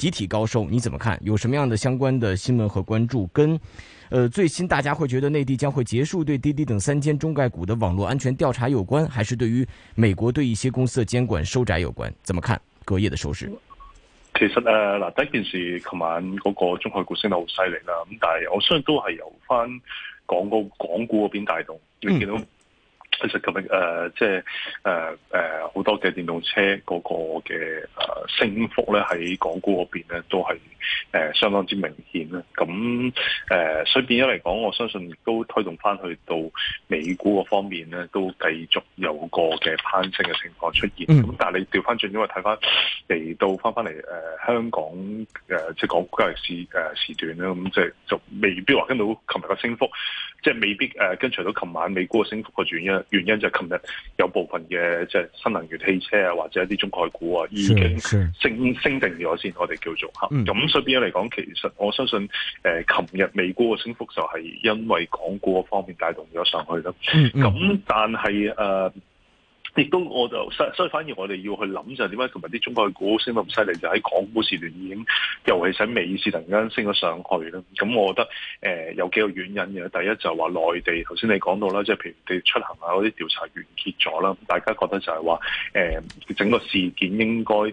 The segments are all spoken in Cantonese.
集體高收，你怎麼看？有什麼樣的相關的新聞和關注？跟，呃，最新大家會覺得內地將會結束對滴滴等三間中概股的網絡安全調查有關，還是對於美國對一些公司的監管收窄有關？怎麼看隔夜的收市？其實誒嗱，呃，第一件事琴晚嗰個中概股升得好犀利啦，咁但係我相信都係由翻港嗰港股嗰邊帶動，你見到。嗯其實今日誒，即係誒誒，好、呃呃、多嘅電動車嗰個嘅誒、呃、升幅咧，喺港股嗰邊咧都係誒、呃、相當之明顯啦。咁誒、呃，所以變咗嚟講，我相信亦都推動翻去到美股嗰方面咧，都繼續有個嘅攀升嘅情況出現。咁、嗯、但係你調翻轉，因為睇翻嚟到翻翻嚟誒香港誒、呃，即係港股交易市誒時段咧，咁就就未必話跟到琴日嘅升幅，即、就、係、是、未必誒、呃、跟隨到琴晚美股嘅升幅嘅原因。原因就係琴日有部分嘅即係新能源汽車啊，或者一啲中概股啊，已經升升，升定咗先，我哋叫做嚇。咁所以變咗嚟講，其實我相信誒，琴日美股嘅升幅就係因為港股嗰方面帶動咗上去咯。咁、嗯嗯、但係誒亦都我就，所以反而我哋要去諗就係點解琴日啲中國嘅股升得咁犀利，就喺港股時段已經尤其是尾市突然間升咗上去啦。咁我覺得誒、呃、有幾個原因嘅，第一就話內地頭先你講到啦，即係譬如啲出行啊嗰啲調查完結咗啦，大家覺得就係話誒整個事件應該誒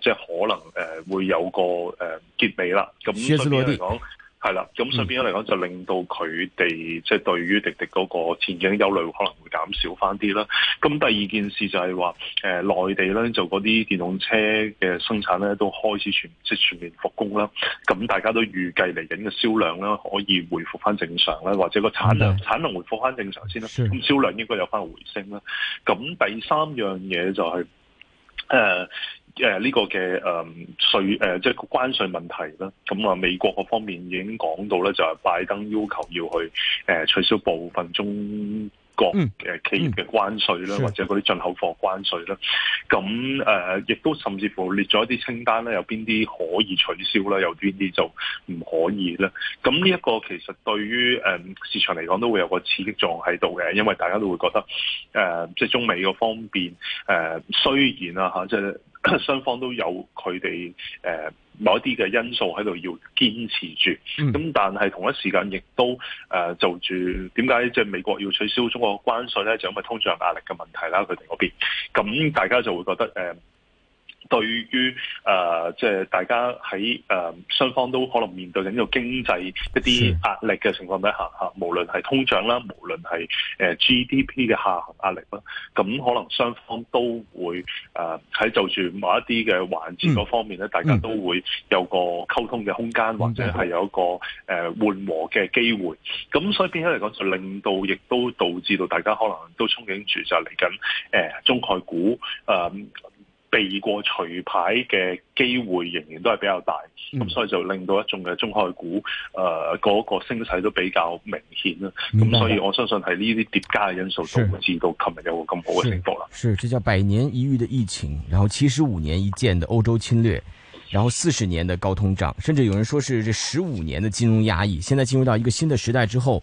即係可能誒、呃、會有個誒、呃、結尾啦。咁相對嚟講。係啦，咁上邊一嚟講就令到佢哋即係對於滴滴嗰個前景憂慮可能會減少翻啲啦。咁第二件事就係話、呃，內地咧就嗰啲電動車嘅生產咧都開始全即係全面復工啦。咁大家都預計嚟緊嘅銷量咧可以回復翻正常啦，或者個產量產能回復翻正常先啦。咁銷量應該有翻回升啦。咁第三樣嘢就係、是、誒。呃誒、呃、呢、這個嘅誒稅誒即關稅問題啦，咁、嗯、啊美國嗰方面已經講到咧，就係、是、拜登要求要去誒、呃、取消部分中國嘅、呃、企業嘅關稅啦，或者嗰啲進口貨關稅啦。咁、嗯、誒、呃、亦都甚至乎列咗一啲清單咧，有邊啲可以取消啦，有邊啲就唔可以咧。咁呢一個其實對於、呃、市場嚟講都會有個刺激作用喺度嘅，因為大家都會覺得誒、呃、即係中美嗰方面誒、呃、雖然啊嚇即係。雙方都有佢哋誒某一啲嘅因素喺度要堅持住，咁但係同一時間亦都誒、呃、就住點解即係美國要取消中國關稅咧，就因為通脹壓力嘅問題啦，佢哋嗰邊，咁大家就會覺得誒。呃對於誒，即、呃、係、就是、大家喺誒、呃、雙方都可能面對緊個經濟一啲壓力嘅情況底下，嚇，無論係通脹啦，無論係、呃、GDP 嘅下行壓力啦，咁可能雙方都會誒喺、呃、就住某一啲嘅環節嗰方面咧、嗯，大家都會有個溝通嘅空間、嗯，或者係有一個誒、呃、緩和嘅機會。咁所以變咗嚟講，就令到亦都導致到大家可能都憧憬住就嚟緊誒中概股誒。呃避過除牌嘅機會仍然都係比較大，咁、嗯、所以就令到一眾嘅中海股誒嗰、呃那個升勢都比較明顯啦。明白，咁所以我相信係呢啲疊加嘅因素導致到琴日有個咁好嘅升幅啦。是，這叫百年一遇的疫情，然後七十五年一見的歐洲侵略，然後四十年的高通脹，甚至有人說是這十五年的金融壓抑。現在進入到一個新的時代之後。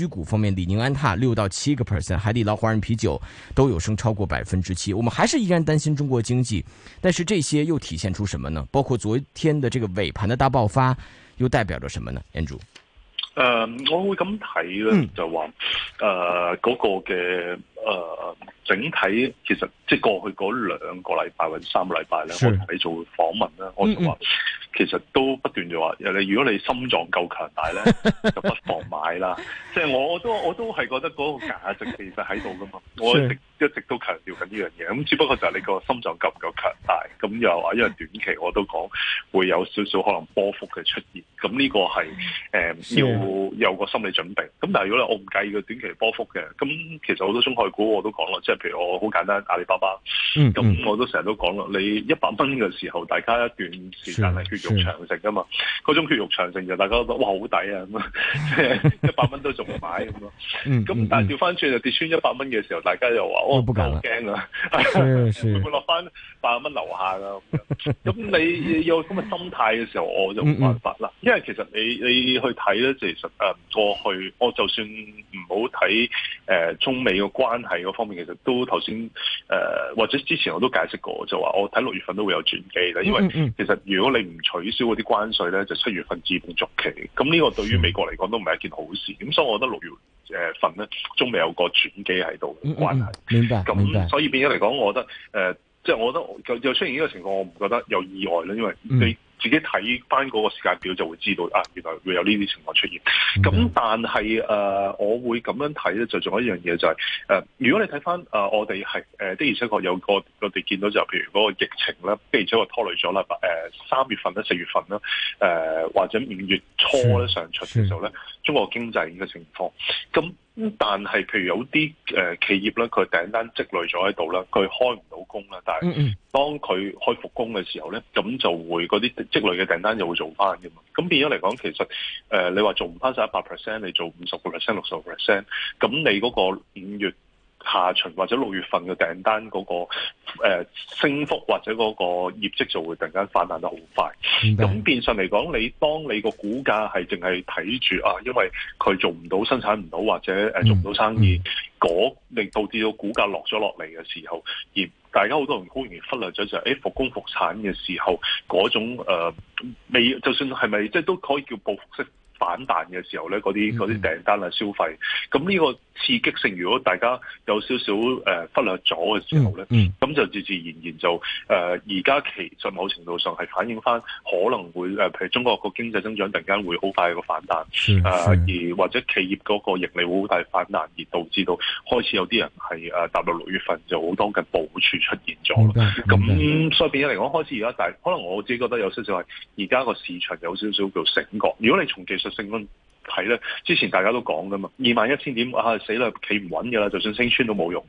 居股方面，李寧、安踏六到七個 percent，海底撈、華潤啤酒都有升超過百分之七。我們還是依然擔心中國經濟，但是這些又體現出什麼呢？包括昨天的這個尾盤的大爆發，又代表着什麼呢？Andrew、嗯、我會咁睇呢，就話嗰、呃那個嘅、呃、整體，其實即係過去嗰兩個禮拜或者三個禮拜呢，我同你做訪問呢。我話。嗯嗯其實都不斷就話，如果你心臟夠強大咧， 就不妨買啦。即、就、係、是、我，我都我都係覺得嗰個價值其實喺度噶嘛。我一直， 一直都強調緊呢樣嘢。咁只不過就係你個心臟夠唔夠強大。咁又話因為短期我都講會有少少可能波幅嘅出現。咁呢個係誒要有個心理準備。咁但係如果你我唔介意個短期波幅嘅，咁其實好多中概股我都講咯。即係譬如我好簡單，阿里巴巴。咁、嗯、我都成日都講咯，你一百蚊嘅時候，大家一段時間係。 肉長城啊嘛，嗰種血肉長城就大家就覺得哇好抵啊，一百蚊都仲買咁咯。咁、 嗯、但係調翻轉就跌穿一百蚊嘅時候，大家又話，我好驚啊，會落翻八十蚊留下㗎。咁 你有咁嘅心態嘅時候，我就冇辦法啦、嗯嗯。因為其實你你去睇咧，其實誒過去我就算唔好睇誒中美嘅關係嗰方面，其實都頭先誒或者之前我都解釋過，就話我睇六月份都會有轉機啦。因為其實如果你唔取消嗰啲關稅咧，就七月份自動續期，咁呢個對於美國嚟講都唔係一件好事，咁、嗯、所以我覺得六月誒份咧，仲未有個轉機喺度嘅關係，咁、嗯嗯、所以變咗嚟講，我覺得誒，即、呃、係我覺得又出現呢個情況，我唔覺得有意外啦，因為你，嗯自己睇翻嗰個時間表就會知道啊，原來會有呢啲情況出現。咁但係誒、呃，我會咁樣睇咧，就仲有一樣嘢就係、是、誒、呃，如果你睇翻誒，我哋係誒的而且確有個我哋見到就譬如嗰個疫情咧，的而且確拖累咗啦誒，三、呃、月份咧、四月份啦、呃，或者五月初咧上旬嘅時候咧，中國經濟嘅情況咁。但係，譬如有啲誒、呃、企業咧，佢訂單積累咗喺度啦，佢開唔到工啦。但係當佢開復工嘅時候咧，咁就會嗰啲積累嘅訂單就會做翻嘅嘛。咁變咗嚟講，其實誒、呃、你話做唔翻曬一百 percent，你做五十個 percent、六十 percent，咁你嗰個五月下旬或者六月份嘅訂單嗰、那個誒、呃、升幅或者嗰個業績就會突然間反彈得好快。咁、mm-hmm. 變相嚟講，你當你個股價係淨係睇住啊，因為佢做唔到生產唔到或者誒、呃、做唔到生意，嗰你導致到股價落咗落嚟嘅時候，而大家好多人好容易忽略咗就誒、是、誒、哎、復工復產嘅時候嗰種誒未、呃，就算係咪即係都可以叫報復式反彈嘅時候咧，嗰啲嗰啲訂單啊消費咁呢個。刺激性，如果大家有少少誒、呃、忽略咗嘅時候咧，咁、嗯嗯、就自自然然就誒而家其實某程度上係反映翻可能會誒、呃，譬如中國個經濟增長突然間會好快一個反彈，誒、呃、而或者企業嗰個盈利會好大反彈，而導致到開始有啲人係誒踏入六月份就好多嘅部署出現咗。咁所以嚟講，開始而家大可能我自己覺得有少少係而家個市場有少少叫醒覺。如果你從技術性係啦，之前大家都講噶嘛，二萬一千點啊，死啦，企唔穩㗎啦，就算升穿都冇用。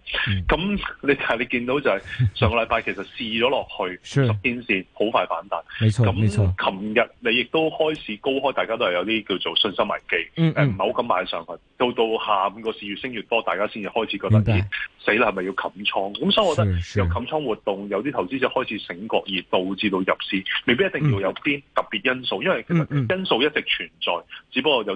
咁、嗯、你係你見到就係、是、上個禮拜其實試咗落去十天線，好 快反彈。咁琴日你亦都開始高開，大家都係有啲叫做信心危機，誒唔好咁買上去。到到下午個市越升越多，大家先至開始覺得咦、嗯，死啦，係咪要冚倉？咁、嗯、所以我覺得由冚倉活動，有啲投資者開始醒覺，而導致到入市，未必一定要有啲特別因素嗯嗯，因為其實因素一直存在，只不過由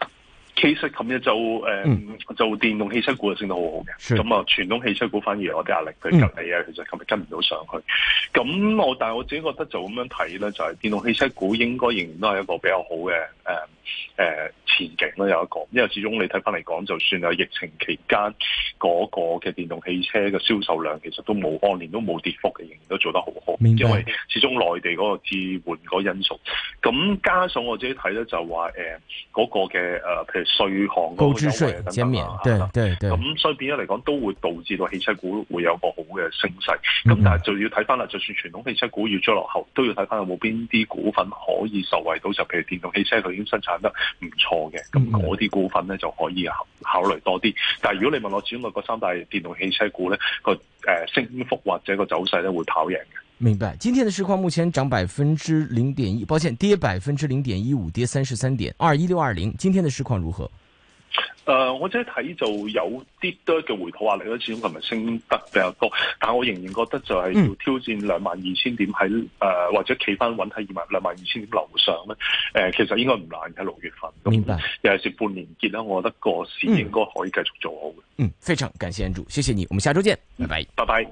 其實琴日就誒、呃嗯，就電動汽車股就升得好好嘅，咁啊傳統汽車股反而有啲壓力，佢隔籬啊其實琴日跟唔到上去，咁我但係我自己覺得就咁樣睇咧，就係、是、電動汽車股應該仍然都係一個比較好嘅誒。呃誒，前景咧有一個，因為始終你睇翻嚟講，就算有疫情期間嗰，那個嘅電動汽車嘅銷售量，其實都冇按年都冇跌幅嘅，仍然都做得好好。因為始終內地嗰個置換嗰個因素，咁加上我自己睇咧就話，誒、欸，嗰，那個嘅誒，譬如稅項購置稅減免，對對對，咁所以變咗嚟講，都會導致到汽車股會有個好嘅升勢。咁但係就要睇翻啦，就算傳統汽車股越咗落後，嗯、都要睇翻有冇邊啲股份可以受惠到，就譬如電動汽車佢已經生產。得唔錯嘅，咁嗰啲股份呢就可以考慮多啲。但係如果你問我展望三大電動汽車股呢，個誒升幅或者個走勢呢會跑贏嘅。明白，今天的市況目前漲百分之零點一，抱歉跌百分之零點一五，跌三十三點二一六二零。今天的市況如何？誒、呃，我即係睇就有啲多嘅回吐壓力咯，始終係咪升得比較多，但我仍然覺得就係要挑戰兩萬二千點喺誒、嗯、呃，或者企翻穩喺二萬兩萬二千點樓上咧。誒、呃，其實應該唔難喺六月份咁，明白。尤其係半年結啦。我覺得個市應該可以繼續做好嗯。嗯，非常感謝安主，謝謝你，我們下周見、嗯。拜拜，拜拜。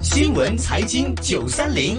新聞財經九三零。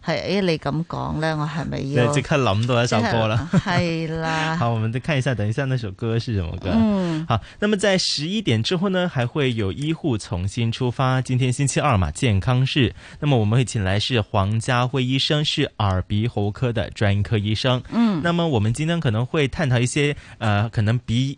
係，誒， 你咁講咧，我係咪要即 刻諗到一首歌啦？係啦，好，我們再看一下，等一下那首歌是什麼歌？嗯，好，那麼在十一點之後呢，還會有醫護從心出發。今天星期二嘛，健康日，那麼我們會請來是黃嘉輝醫生，是耳鼻喉科的專科醫生。嗯，那麼我們今天可能會探討一些，呃可能鼻。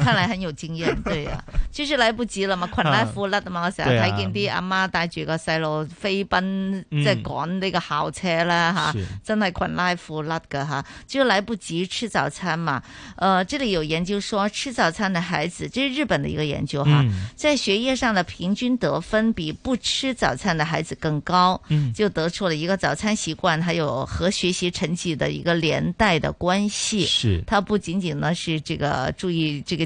看來很有經驗，對呀、啊、就是來不及了嘛，裙拉褲甩嘅嘛， 嘛啊、我成日睇見啲阿媽帶住個細路飛奔，即係趕呢個校車啦，哈真係裙拉褲甩嘅哈就來不及吃早餐嘛。呃這裏有研究說，吃早餐的孩子，這是日本的一個研究哈，嗯、在學業上的平均得分比不吃早餐的孩子更高，嗯、就得出了一個早餐習慣還有和學習成績的一個連帶的關係。是，它不僅僅呢是這個注意這個。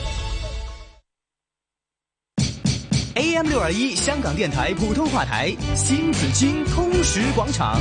AM 六二一香港電台普通話台，新紫荊通識廣場。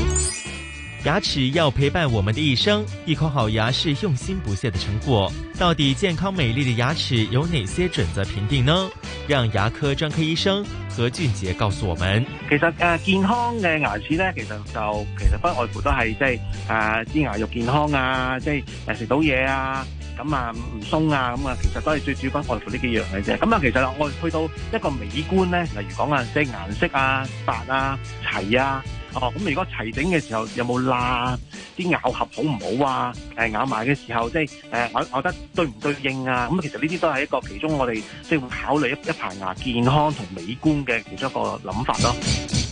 牙齒要陪伴我們的一生，一口好牙是用心不懈的成果。到底健康美麗的牙齒有哪些準則評定呢？讓牙科專科醫生何俊杰告訴我們。其實、呃、健康嘅牙齒咧，其實就其實不外乎都係即係啊，啲、呃、牙肉健康啊，即係誒食到嘢啊。咁啊唔鬆啊咁啊，其實都係最主要關愛護呢幾樣嘅啫。咁啊，其實啦，我去到一個美觀咧，例如講啊，即係顏色啊、白啊、齊啊。哦，咁如果齊整嘅時候有冇罅？啲咬合好唔好啊？誒咬埋嘅時候即係誒，我覺得對唔對應啊？咁其實呢啲都係一個其中我哋即係會考慮一一排牙健康同美觀嘅其中一個諗法咯。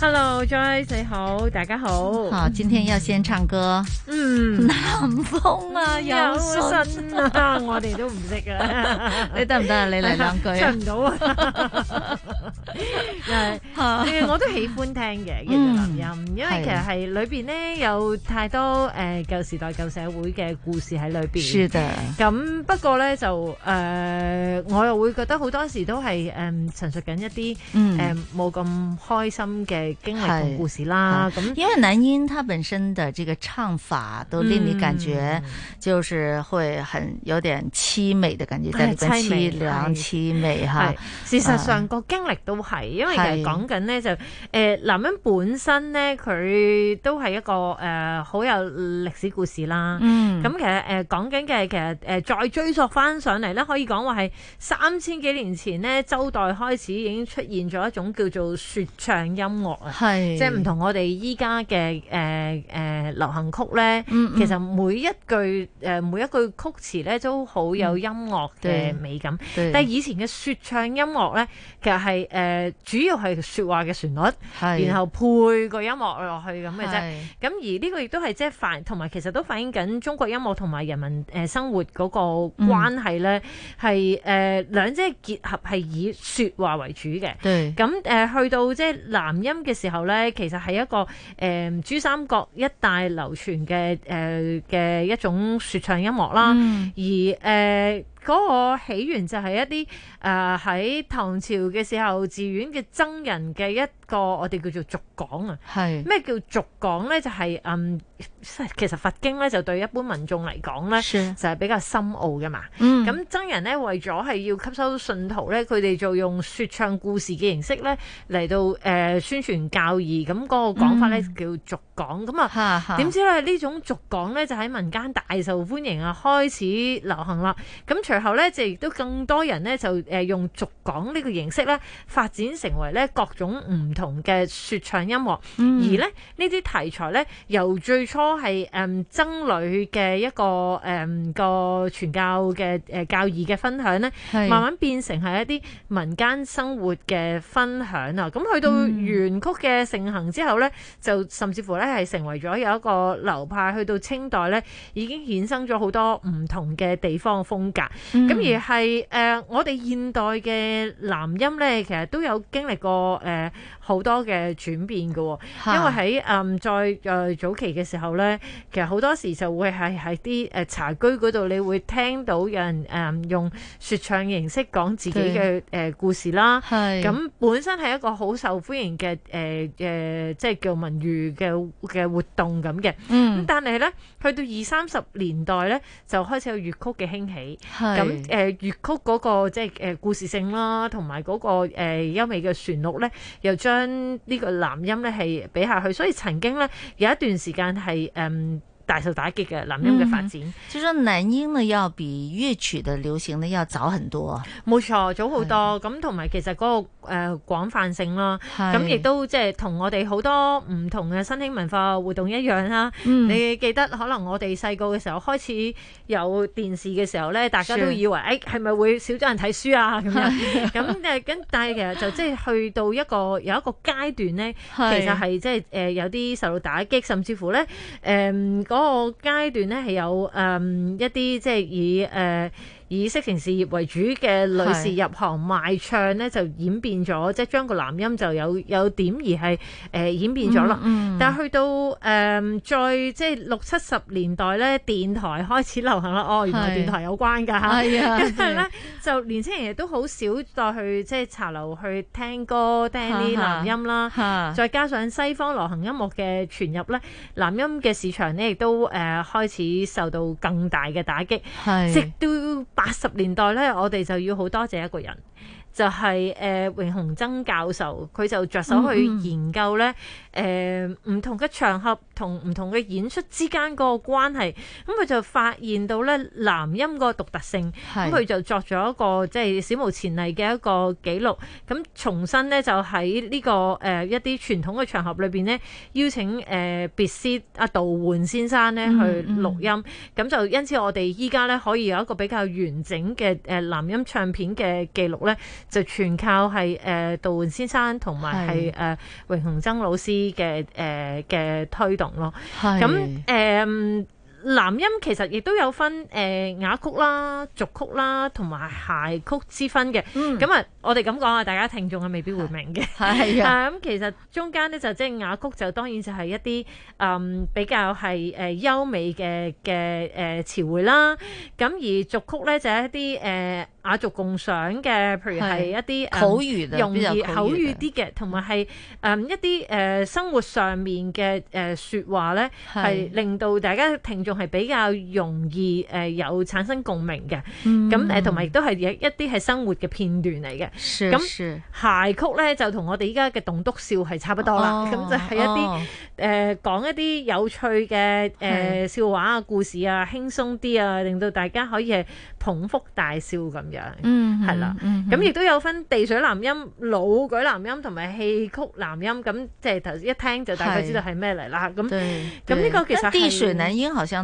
Hello，Joyce，你好，大家好。好，今天要先唱歌。嗯，南風啊，有信啊，我哋都唔識嘅。你得唔得啊？你嚟兩句。唱唔到啊。係，我都喜歡聽嘅，嘅南音，因為其實係裏邊咧有太多誒舊時代、舊社會嘅故事喺裏邊。是的。咁不過咧就誒，我又會覺得好多時都係誒陳述緊一啲誒冇咁開心嘅。經歷同故事啦，咁、啊、因為南音他本身的這個唱法都令你感覺，就是會很有點凄美的感覺，凄、嗯、涼、凄美吓。事實上個、啊、經歷都係，因為其實講緊咧就誒、呃，南音本身咧佢都係一個誒好、呃、有歷史故事啦。咁、嗯嗯、其實誒、呃、講緊嘅其實誒、呃、再追溯翻上嚟咧，可以講話係三千幾年前咧，周代開始已經出現咗一種叫做說唱音樂。係，即係唔同我哋依家嘅誒誒流行曲咧、嗯嗯，其實每一句誒、呃、每一句曲詞咧都好有音樂嘅美感。嗯、但係以前嘅說唱音樂咧，其實係誒、呃、主要係說話嘅旋律，然後配音樂下個音樂落去咁嘅啫。咁而呢個亦都係即係反，同埋其實都反映緊中國音樂同埋人民誒生活嗰個關係咧，係誒兩者結合係以說話為主嘅。咁誒、嗯嗯、去到即係南音嘅時候咧，其實係一個誒，呃，珠三角一帶流傳嘅誒嘅一種說唱音樂啦、嗯，而誒。呃嗰、那個起源就係一啲誒喺唐朝嘅時候寺院嘅僧人嘅一個我哋叫做俗講啊，咩叫俗講呢？就係、是、嗯，其實佛經呢，就對一般民眾嚟講呢，就係、是、比較深奧㗎嘛。咁、嗯、僧人呢，為咗係要吸收信徒呢，佢哋就用説唱故事嘅形式呢嚟到、呃、宣傳教義，咁、那、嗰個講法呢，嗯、叫俗講。咁啊，點 知咧呢種俗講呢，就喺民間大受歡迎啊，開始流行啦。咁隨後咧就亦都更多人呢，就誒用俗講呢個形式咧發展成為咧各種唔同嘅說唱音樂、嗯，而咧呢啲題材咧由最初係誒、嗯、僧侶嘅一個誒、嗯、個傳教嘅誒教義嘅分享咧，慢慢變成係一啲民間生活嘅分享啊！咁去到原曲嘅盛行之後咧、嗯，就甚至乎咧係成為咗有一個流派。去到清代咧，已經衍生咗好多唔同嘅地方嘅風格。咁、嗯、而係誒、呃，我哋現代嘅南音咧，其實都有經歷過誒、呃好多嘅轉變嘅，因為喺誒、嗯、再、呃、早期嘅時候咧，其實好多時就會係喺啲誒茶居嗰度，你會聽到有人誒、呃、用說唱形式講自己嘅誒、呃、故事啦。係咁，本身係一個好受歡迎嘅誒誒即係叫文娛嘅嘅活動咁嘅。嗯，咁但係咧，去到二三十年代咧，就開始有粵曲嘅興起。咁誒粵曲嗰、那個、即係誒、呃、故事性啦，同埋嗰個誒優美嘅旋律咧，又將。將呢個南音咧係俾下去，所以曾經咧有一段時間係誒。嗯大受打擊嘅南音嘅發展，即係南音咧，要比粵曲嘅流行咧要早很多。冇錯，早好多。咁同埋其實嗰、那個誒、呃、廣泛性啦，咁亦都即係同我哋好多唔同嘅新興文化活動一樣啦、啊嗯。你記得可能我哋細個嘅時候開始有電視嘅時候咧，大家都以為誒係咪會少咗人睇書啊？咁樣咁誒咁，嗯、 但係其實就即係去到一個有一個階段咧，其實係即係誒有啲受到打擊，甚至乎咧誒。呃嗰、那個階段咧係有誒一啲即係以誒、呃。以色情事業為主嘅女士入行賣唱咧，就演變咗，即係將個南音就有有點而係誒演變咗啦、嗯嗯。但係去到誒、呃、再即係六七十年代咧，電台開始流行啦。哦，原來電台有關㗎嚇。係啊，跟住咧就年輕人亦都好少再去即係茶樓去聽歌聽啲南音啦。再加上西方流行音樂嘅傳入咧，南音嘅市場咧亦都誒、呃、開始受到更大嘅打擊，係直八十年代咧，我哋就要好多謝一個人，就係、是、誒、呃、榮鴻曾教授，佢就着手去研究咧，誒、嗯、嗯呃、唔同嘅場合。不同唔同嘅演出之間個關係，係，咁佢就發現到咧南音個獨特性，咁佢就作咗一個即係、就是、史無前例嘅一個記錄，咁重新咧就喺呢、這個誒、呃、一啲傳統嘅場合裏邊咧，邀請誒別、呃、師阿、啊、杜煥先生咧去錄音。咁、嗯嗯、就因此我哋依家咧可以有一個比較完整嘅誒南音唱片嘅記錄咧，就全靠係誒、呃、杜煥先生同埋係誒榮鴻曾老師嘅誒嘅推動。咯，咁誒。南音其實亦都有分誒、呃、雅曲啦、俗曲啦，同埋諧曲之分嘅。咁、嗯、啊，我哋咁講啊，大家聽眾係未必會明嘅。係啊。咁、嗯、其實中間咧就即、是、係雅曲就當然就係一啲誒、嗯、比較係誒優美嘅嘅誒詞彙啦。咁而俗曲咧就係、是、一啲誒、呃、雅俗共賞嘅，譬如係一啲口語啊、嗯，比較口語啲嘅，同埋係誒一啲誒、嗯呃、生活上面嘅誒、呃、說話咧，係令到大家聽眾。係比較容易，誒、呃、有產生共鳴嘅，咁誒同埋亦都係有一啲係生活嘅片段嚟嘅。咁諧曲咧就同我哋依家嘅棟篤笑係差不多啦，咁、哦、就係一啲誒講一啲有趣嘅誒、呃、笑話啊、故事啊、輕鬆啲啊，令到大家可以係捧腹大笑咁樣。嗯，係啦。咁、嗯、亦、嗯、都有分地水南音、老舉南音同埋戲曲南音，咁即係頭一聽就大概知道係咩嚟啦。咁咁呢個其實地水南音，好像。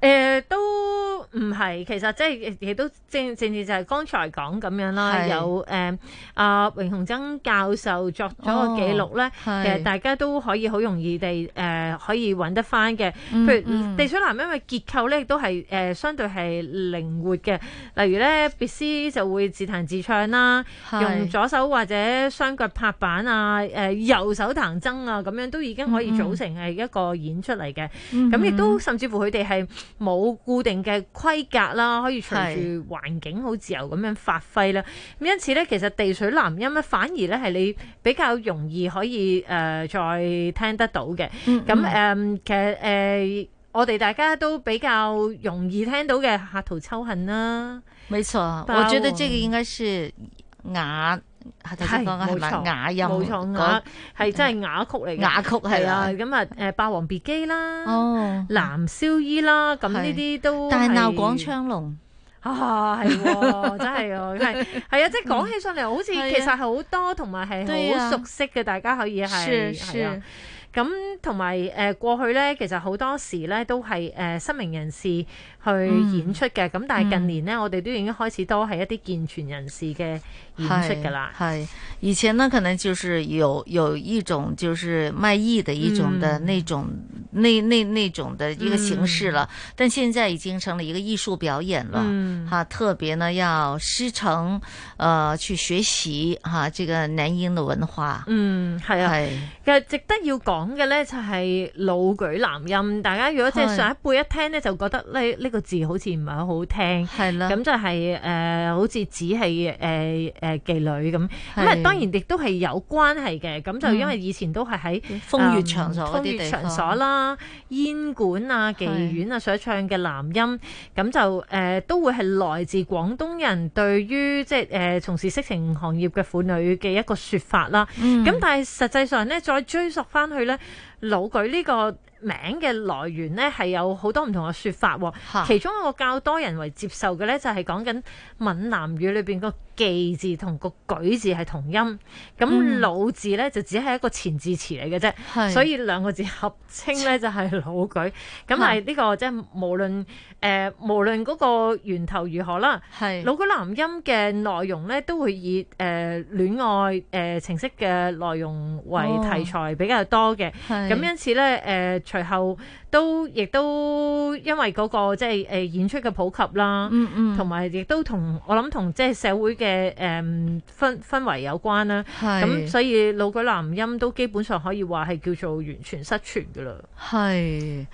誒、呃，都唔係，其實即係亦都正正治就係剛才講咁樣啦。有誒，阿、呃、榮、啊、鴻曾教授作咗個記錄咧，其實大家都可以好容易地誒、呃，可以揾得返嘅。譬如地水南，因為結構咧亦都係誒、呃、相對係靈活嘅。例如咧，瞽師就會自彈自唱啦，用左手或者雙腳拍板啊，誒、呃、右手彈箏啊，咁樣都已經可以組成係一個演出嚟嘅。咁、嗯、亦、嗯、都甚至乎佢哋係。冇固定嘅規格啦，可以隨住環境好自由咁樣發揮啦。咁因此咧，其實地水南音咧，反而咧係你比較容易可以誒、呃、再聽得到嘅。咁、嗯、誒、呃嗯，其實誒、呃，我哋大家都比較容易聽到嘅客途秋恨啦。冇錯，我覺得呢個應該係雅。係冇錯，雅音講係真係雅曲嚟嘅，雅曲係啊。咁啊，誒，霸王別姬啦，男、哦、燒衣啦，咁呢啲都大係鬧廣昌隆啊，係真係，係係啊，即係講起上嚟，好似其實係好多同埋係好熟悉嘅、啊，大家可以係係啊。咁同埋誒，啊、過去咧，其實好多時咧都係誒，失明人士。去演出嘅，咁、嗯、但係近年咧、嗯，我哋都已經開始多係一啲健全人士嘅演出噶啦。係，而且咧，可能就是有有一種就是賣藝的一種的、嗯、那種，那那那種的一個形式了、嗯。但現在已經成了一個藝術表演了。嗯，啊、特別呢要師承，呃，去學習哈、啊，這個南音的文化。嗯，係啊。嘅其實值得要講嘅咧，就係、是、老舉南音，大家如果即係上一輩一聽咧、哎，就覺得呢、這、呢個。個字好似唔係好好聽，係啦，咁就係、是、誒、呃，好似只係誒誒妓女咁。咁啊，當然亦都係有關係嘅。咁就因為以前都係喺風月場所嗰啲地方啦，煙館啊、妓院啊所唱嘅南音，咁就誒、呃、都會係來自廣東人對於即係誒從事色情行業嘅婦女嘅一個説法啦。咁、嗯、但係實際上咧，再追溯翻去咧，老舉呢、這個。名嘅來源呢，係有好多唔同嘅說法，其中一個較多人為接受嘅呢，就係講緊閩南語裏面個。記字同個舉字係同音，咁“老、嗯”字咧就只係一個前置詞嚟嘅啫，所以兩個字合稱咧就係、是、老舉，咁係呢個即係無論誒、呃、無論個源頭如何啦，係老舉南音嘅內容咧都會以誒戀、呃、愛誒情色嘅內容為題材比較多嘅，咁、哦、因此咧誒隨後都亦都因為、那個即係誒演出嘅普及啦，嗯嗯，同埋亦都同我諗同即係社會嘅。嘅誒氛氛圍有關啦，係。咁所以老舉南音都基本上可以話係叫做完全失傳噶啦，係。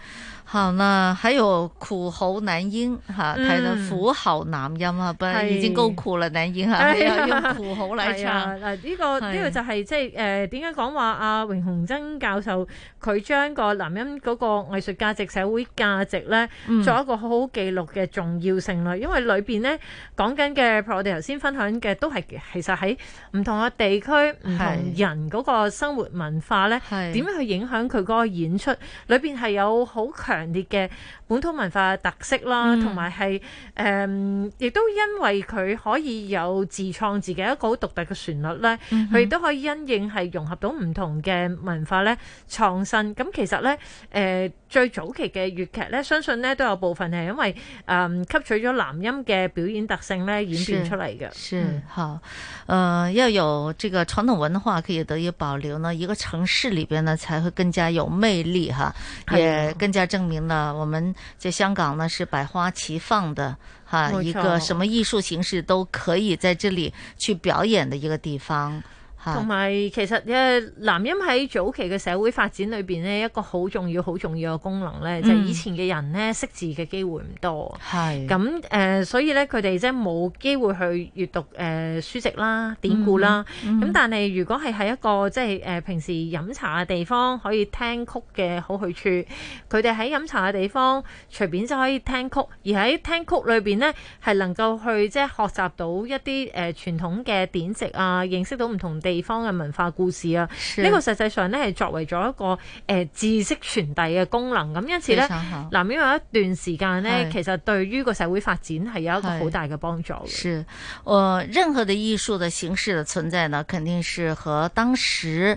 好，那還有苦喉南音，吓睇到苦喉南音啊，嗯、本來已經夠苦啦，南音吓，要、啊、用苦喉嚟唱，呢個呢、這個就係即係誒，點解講話阿榮鴻曾教授佢將個南音嗰個藝術價值、社會價值咧，做一個好好記錄嘅重要性啦、嗯，因為裏邊咧講緊嘅，譬如我哋頭先分享嘅都係其實喺唔同嘅地區、唔同人嗰個生活文化咧，點樣去影響佢嗰個演出？裏邊係有好強。啲嘅本土文化特色啦，同埋係誒，亦都因為佢可以有自創自己一個好獨特嘅旋律咧，佢、嗯、亦都可以因應係融合到唔同嘅文化咧，創新。咁其實咧，誒。呃最早期嘅粵劇咧，相信都有部分係因為吸取咗南音嘅表演特性咧演變出嚟嘅。是，是好、呃，要有這個傳統文化可以得以保留呢，一個城市裏面呢，才會更加有魅力哈，也更加證明呢，我們在香港呢是百花齊放的哈，一個什麼藝術形式都可以在這裏去表演嘅一個地方。同埋其實誒南音喺早期嘅社會發展裏邊咧，一個好重要、好重要嘅功能咧，就係以前嘅人咧識字嘅機會唔多，係咁誒所以咧佢哋即係冇機會去閱讀誒書籍啦、典故啦。咁、嗯嗯、但係如果係喺一個即係誒平時飲茶嘅地方，可以聽曲嘅好去處，佢哋喺飲茶嘅地方隨便就可以聽曲，而喺聽曲裏邊咧係能夠去即係學習到一啲誒傳統嘅典籍啊，認識到唔同地方。地方嘅文化故事啊，呢、這個實際上呢，係作為咗一個誒、呃、知識傳遞嘅功能，咁因此呢，南音有一段時間呢，其實對於個社會發展係有一個好大嘅幫助嘅。是，誒、呃，任何的藝術的形式的存在呢，肯定是和當時。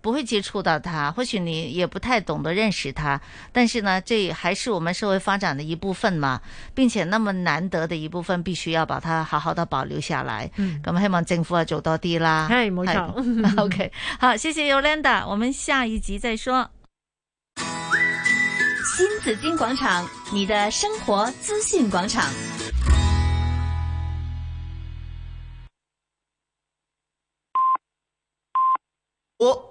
不會接觸到他，或許你也不太懂得認識他，但是呢，這還是我們社會發展的一部分嘛，並且那麼難得的一部分，必須要把它好好的保留下來。嗯，咁希望政府啊做多啲啦。係冇錯。 o、okay, K，好，謝謝 Yolanda，我們下一集再說。新紫荊廣場，你的生活資訊廣場。我。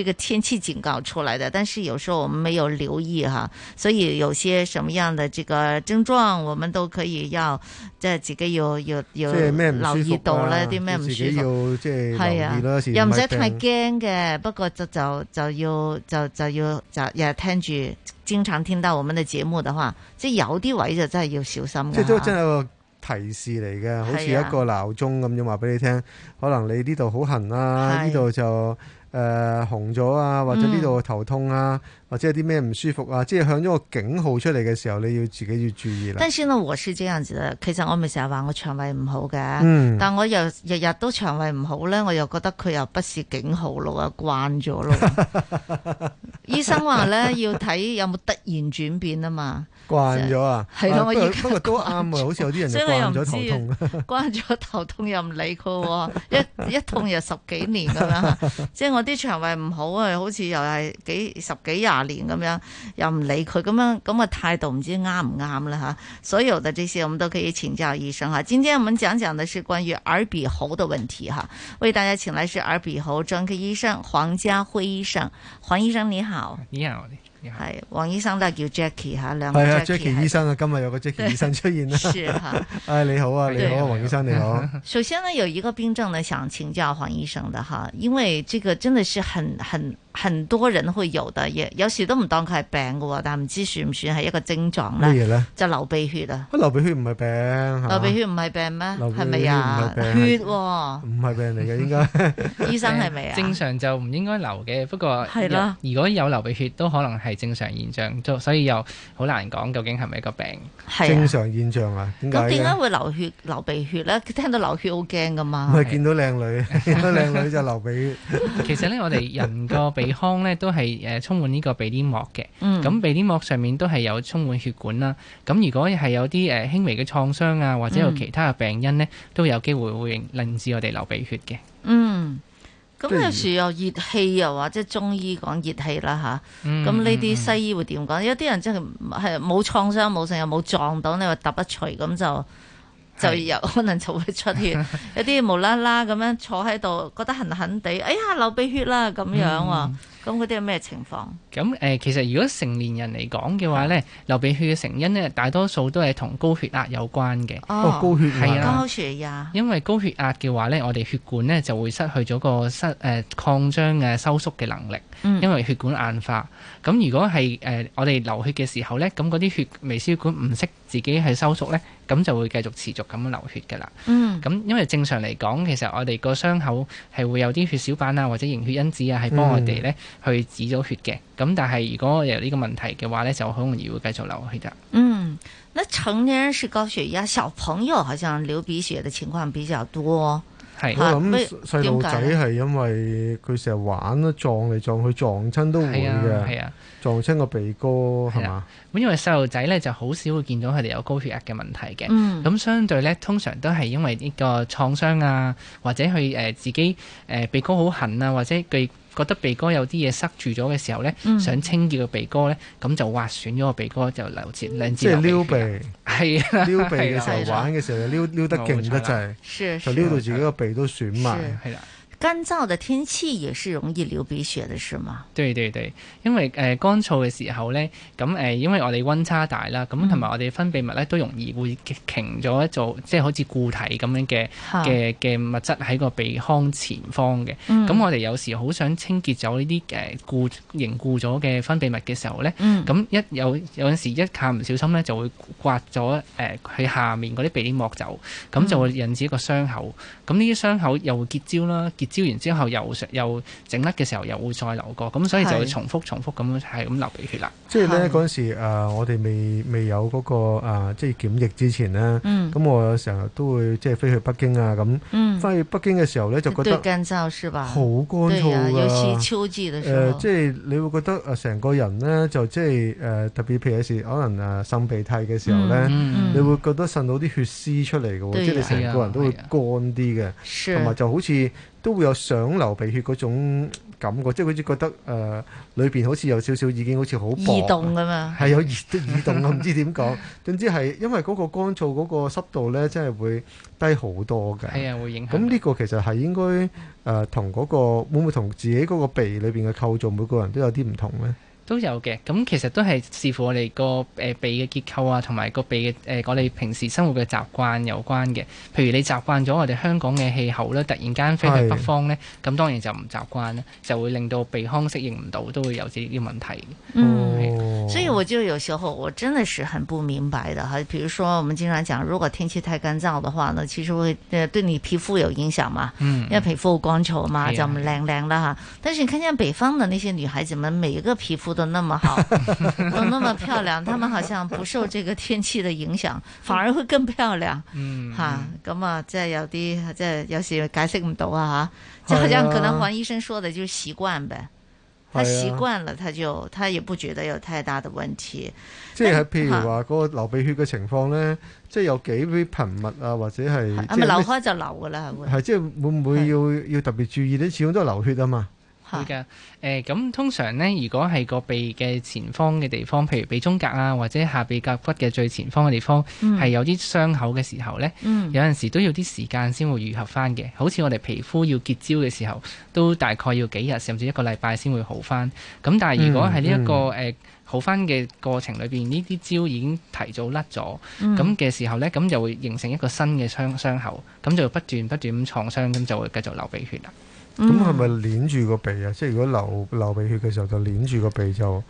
這個天氣警告出來的，但是有時候我們沒有留意哈，所以有些什麼樣的這個症狀，我們都可以要即係、啊、自己要要要留意到咧，啲咩唔舒服即係係啊，又唔使太驚嘅、啊，不過就就就,就要就就要就又聽住，經常聽到我們的節目的話，即係有啲位就真係要小心嘅。即係都真係有個提示嚟嘅、啊，好似一個鬧鐘咁樣話俾你聽、啊，可能你呢度好痕啦、啊，呢度、啊、就。誒、呃、紅咗啊，或者呢度頭痛啊。嗯或者有啲咩唔舒服啊？即係響咗個警號出嚟嘅時候，你要自己要注意啦。但係先我話事，即係其實我咪成日話我腸胃唔好嘅，嗯，但我又日日都腸胃唔好咧，我又覺得佢又不是警號咯，又慣咗咯。 醫生話咧要睇有冇突然轉變啊嘛。慣咗啊？係咯，啊，我今日都啱啊。好似有啲人慣咗頭痛，慣咗 頭痛又唔理佢， 一一痛又十幾年咁樣。 即係我啲腸胃唔好啊，好似又係幾十幾廿。咁樣又唔理佢咁樣咁嘅態度，唔知啱唔啱啦吓，所有的這些我們都可以請教醫生哈、啊。今天我們講講的是關於耳鼻喉的問題哈、啊，為大家請來是耳鼻喉專科醫生黃嘉輝醫生，黃醫生你好，你好，你好，黃醫生都係叫 Jacky 吓、啊，兩個 Jacky 醫生啊，今日有個 Jacky 醫生出現啦，係哈、啊， 哎你好啊，你好、啊，黃、啊、醫生你好。 首先呢有一個病症，呢想請教黃醫生的哈、啊，因為這個真的是很很。很多人會有得嘅，有時都唔當佢係病嘅，但唔知道算唔算係一個症狀咧？咩嘢咧？就流鼻血啊！流鼻血唔係病，流鼻血唔係病咩？係咪呀？血唔係病嚟嘅、嗯，應該 醫生係咪啊？正常就唔應該流嘅，不過係咯。如果有流鼻血，都可能係正常現象，所以又好難講究竟係咪一個病？係、啊、正常現象啊？咁點解會流血流鼻血咧？聽到流血好驚噶嘛？咪見到靚女，見到 靚女就流鼻血。 其實咧，我哋人個。鼻腔咧都係誒充滿呢個鼻黏膜嘅，咁、嗯、鼻黏膜上面都係有充滿血管啦。咁如果係有啲誒輕微嘅創傷啊，或者有其他嘅病因咧，都有機會會令至我哋流鼻血嘅。嗯，咁有時又熱氣又或者中醫講熱氣啦吓。咁呢啲西醫會點講？有啲人真係係冇創傷冇成，又冇撞到，你話揼一鎚咁就。 就有可能就會出血，有啲無啦啦咁樣坐喺度，覺得痕痕地，哎呀流鼻血啦咁樣喎，咁嗰啲係咩情況？咁、嗯、誒，其實如果成年人嚟講嘅話咧，流鼻血嘅成因咧，大多數都係同高血壓有關嘅，哦。哦，高血壓，啊、高血壓。因為高血壓嘅話咧，我哋血管咧就會失去咗個失誒、呃、擴張嘅收縮嘅能力。因為血管硬化，咁如果係誒、呃、我哋流血嘅時候呢，咁嗰啲血微血管唔識自己係收縮呢，咁就會繼續持續咁流血噶啦。嗯，咁因為正常嚟講，其實我哋個傷口係會有啲血小板啊或者凝血因子啊，係幫我哋呢去止咗血嘅。咁、嗯、但係如果有呢個問題嘅話呢，就好容易會繼續流血嘅。嗯，那成年人是高血壓，小朋友好像流鼻血的情況比較多。係我諗細路仔係因為佢成日玩咯，撞嚟撞去撞親都會嘅。啊啊、撞親個鼻哥係嘛？咁、啊、因為細路仔咧就好少會見到佢哋有高血壓嘅問題嘅，咁、嗯、相對咧通常都係因為呢個創傷啊，或者佢誒自己誒、呃、鼻哥好痕啊，或者佢。覺得鼻哥有啲嘢塞住咗嘅時候咧，嗯、想清潔個鼻哥咧，咁就劃損咗個鼻哥，就留截兩截流鼻血。即係撩鼻，係啦，撩鼻嘅時候玩嘅時候， 時候就撩 撩得勁得滯，就撩到自己個鼻都損埋，係啦。乾燥嘅天氣也是容易流鼻血的，是嗎？對對對，因為誒乾、呃、燥嘅時候咧，咁、呃、誒，因為我哋溫差大啦，咁同埋我哋分泌物咧都容易會凝咗做，即係好似固體咁樣嘅嘅嘅物質喺個鼻腔前方嘅。咁、嗯、我哋有時好想清潔咗呢啲誒固凝固咗嘅分泌物嘅時候咧，咁、嗯、一有有陣時一下唔小心咧，就會刮咗誒佢下面嗰啲鼻黏膜走，咁就會引致一個傷口。咁呢啲傷口又會結焦啦，結招完之後又又整甩嘅時候又會再流過，咁所以就會重複重複咁係咁流鼻血啦。即係咧嗰陣時、呃、我哋未未有嗰、嗰個、呃、即係檢疫之前呢，咁、嗯、我有時候都會即係飛去北京啊咁。嗯，飛去北京嘅時候咧就覺得好乾燥好乾燥㗎、啊。對啊，尤其秋季的時候、呃、即係你會覺得誒成個人呢，就即係誒、呃、特別譬如有時可能誒、啊、擤鼻涕嘅時候咧、嗯嗯嗯，你會覺得擤到啲血絲出嚟嘅喎，即係你成個人都會乾啲嘅，同埋就好似。都會有想流鼻血嗰種感覺，即係好似覺得誒裏邊好似有少少已經好似好薄、啊，係有熱熱 動的，我唔知點講。總之係因為嗰個乾燥嗰個濕度咧，真係會低好多嘅。係啊，會影響。咁呢個其實係應該誒同嗰個會唔會同自己嗰個鼻裏邊嘅構造，每個人都有啲唔同咧？都有嘅，咁其實都係視乎我哋個誒、呃、鼻嘅結構啊，同埋個鼻嘅誒我哋平時生活嘅習慣有關嘅。譬如你習慣咗我哋香港嘅氣候咧，突然間飛去北方咧，咁當然就唔習慣啦，就會令到鼻腔適應唔到，都會有呢啲問題。嗯、哦，所以我就有時候我真係是很不明白嘅。哈。譬如說，我們經常講，如果天氣太乾燥嘅話呢，其實會誒對你皮膚有影響嘛、嗯，因為皮膚好乾燥嘛，啊、就唔靚靚啦嚇。但是你睇下北方的那些女孩子們，每一個皮膚都 那麼好， 都那麼漂亮， 他們好像不受這個天氣的影響， 反而會更漂亮。嗯，哈，咁啊，即係有啲，即係有時解釋唔到啊，吓、啊，即好像可能黃醫生說的就習慣唄，他習慣了、啊，他就，他也不覺得有太大的問題。即係譬如話嗰個流鼻血嘅情況咧、嗯，即係有幾頻密啊，或者係，係、啊、咪流開就流噶啦？係，係即係會唔會要要特別注意咧？始終都係流血啊嘛。會㗎，誒、呃、咁通常咧，如果係個鼻嘅前方嘅地方，譬如鼻中隔啊，或者下鼻甲骨嘅最前方嘅地方，係、嗯、有啲傷口嘅時候咧、嗯，有陣時都要啲時間先會愈合翻嘅。好似我哋皮膚要結焦嘅時候，都大概要幾日甚至一個禮拜先會好翻。咁但係如果係呢一個誒好翻嘅過程裏邊，呢啲焦已經提早甩咗，咁、嗯、嘅時候咧，咁就會形成一個新嘅傷傷口，咁就會不斷不斷咁創傷，咁就會繼續流鼻血啦。咁係咪捏住個鼻啊？即係如果流流鼻血嘅時候，就捏住個鼻就，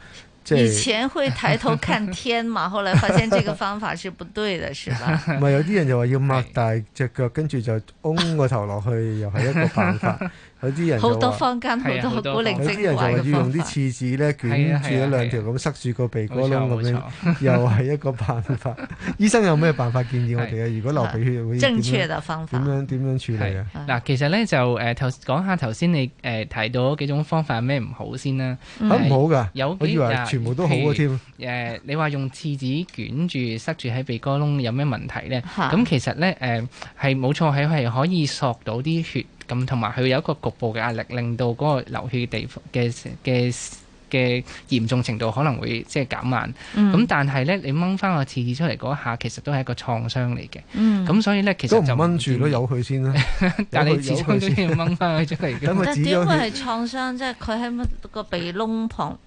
即係。以前會抬頭看天嘛，後來發現這個方法是不對的， 是吧？唔係，有啲人就話要擘大隻腳， 跟住就嗡個頭落去，又係一個辦法。 有啲人好多坊間好、啊、多古靈精怪嘅人就要用啲廁紙咧捲住一兩條咁、啊啊啊啊、塞住個鼻哥窿咁樣，又係一個辦法。 醫生有咩辦法建議我哋啊？如果流鼻血會正確嘅方法點樣點樣處理啊？嗱，其實咧就誒頭、呃、講下頭先你誒、呃、提到幾種方法係咩唔好先啦，嚇唔好噶，我以為全部都好嘅添。誒、呃，你話用廁紙捲住塞住喺鼻哥窿有咩問題咧？咁、啊、其實咧誒係冇錯係係可以索到啲血。咁同埋佢有一個局部嘅壓力，令到嗰個流血地方嘅嘅嘅嚴重程度可能會即係減慢。咁、嗯嗯、但係咧，你掹翻個刺出嚟嗰一下，其實都係一個創傷嚟嘅。咁、嗯、所以咧，其實就掹住咯，有佢先啦。 但係你始終都要掹翻佢出嚟。咁點會係創傷？即係佢喺個鼻窿旁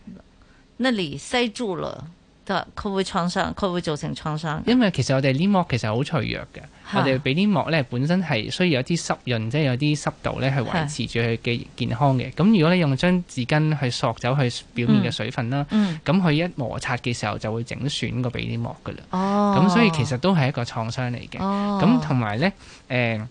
嗰度塞住啦。佢會創傷，佢會造成創傷。因為其實我哋黏膜其實好脆弱嘅，我哋鼻黏膜咧本身係需要有啲濕潤，即、就、係、是、有啲濕度咧係維持住佢嘅健康嘅。咁如果你用張紙巾去索走佢表面嘅水分啦，咁、嗯、佢、嗯、一摩擦嘅時候就會整損個鼻黏膜噶啦。咁、哦、所以其實都係一個創傷嚟嘅。咁同埋咧，誒。呃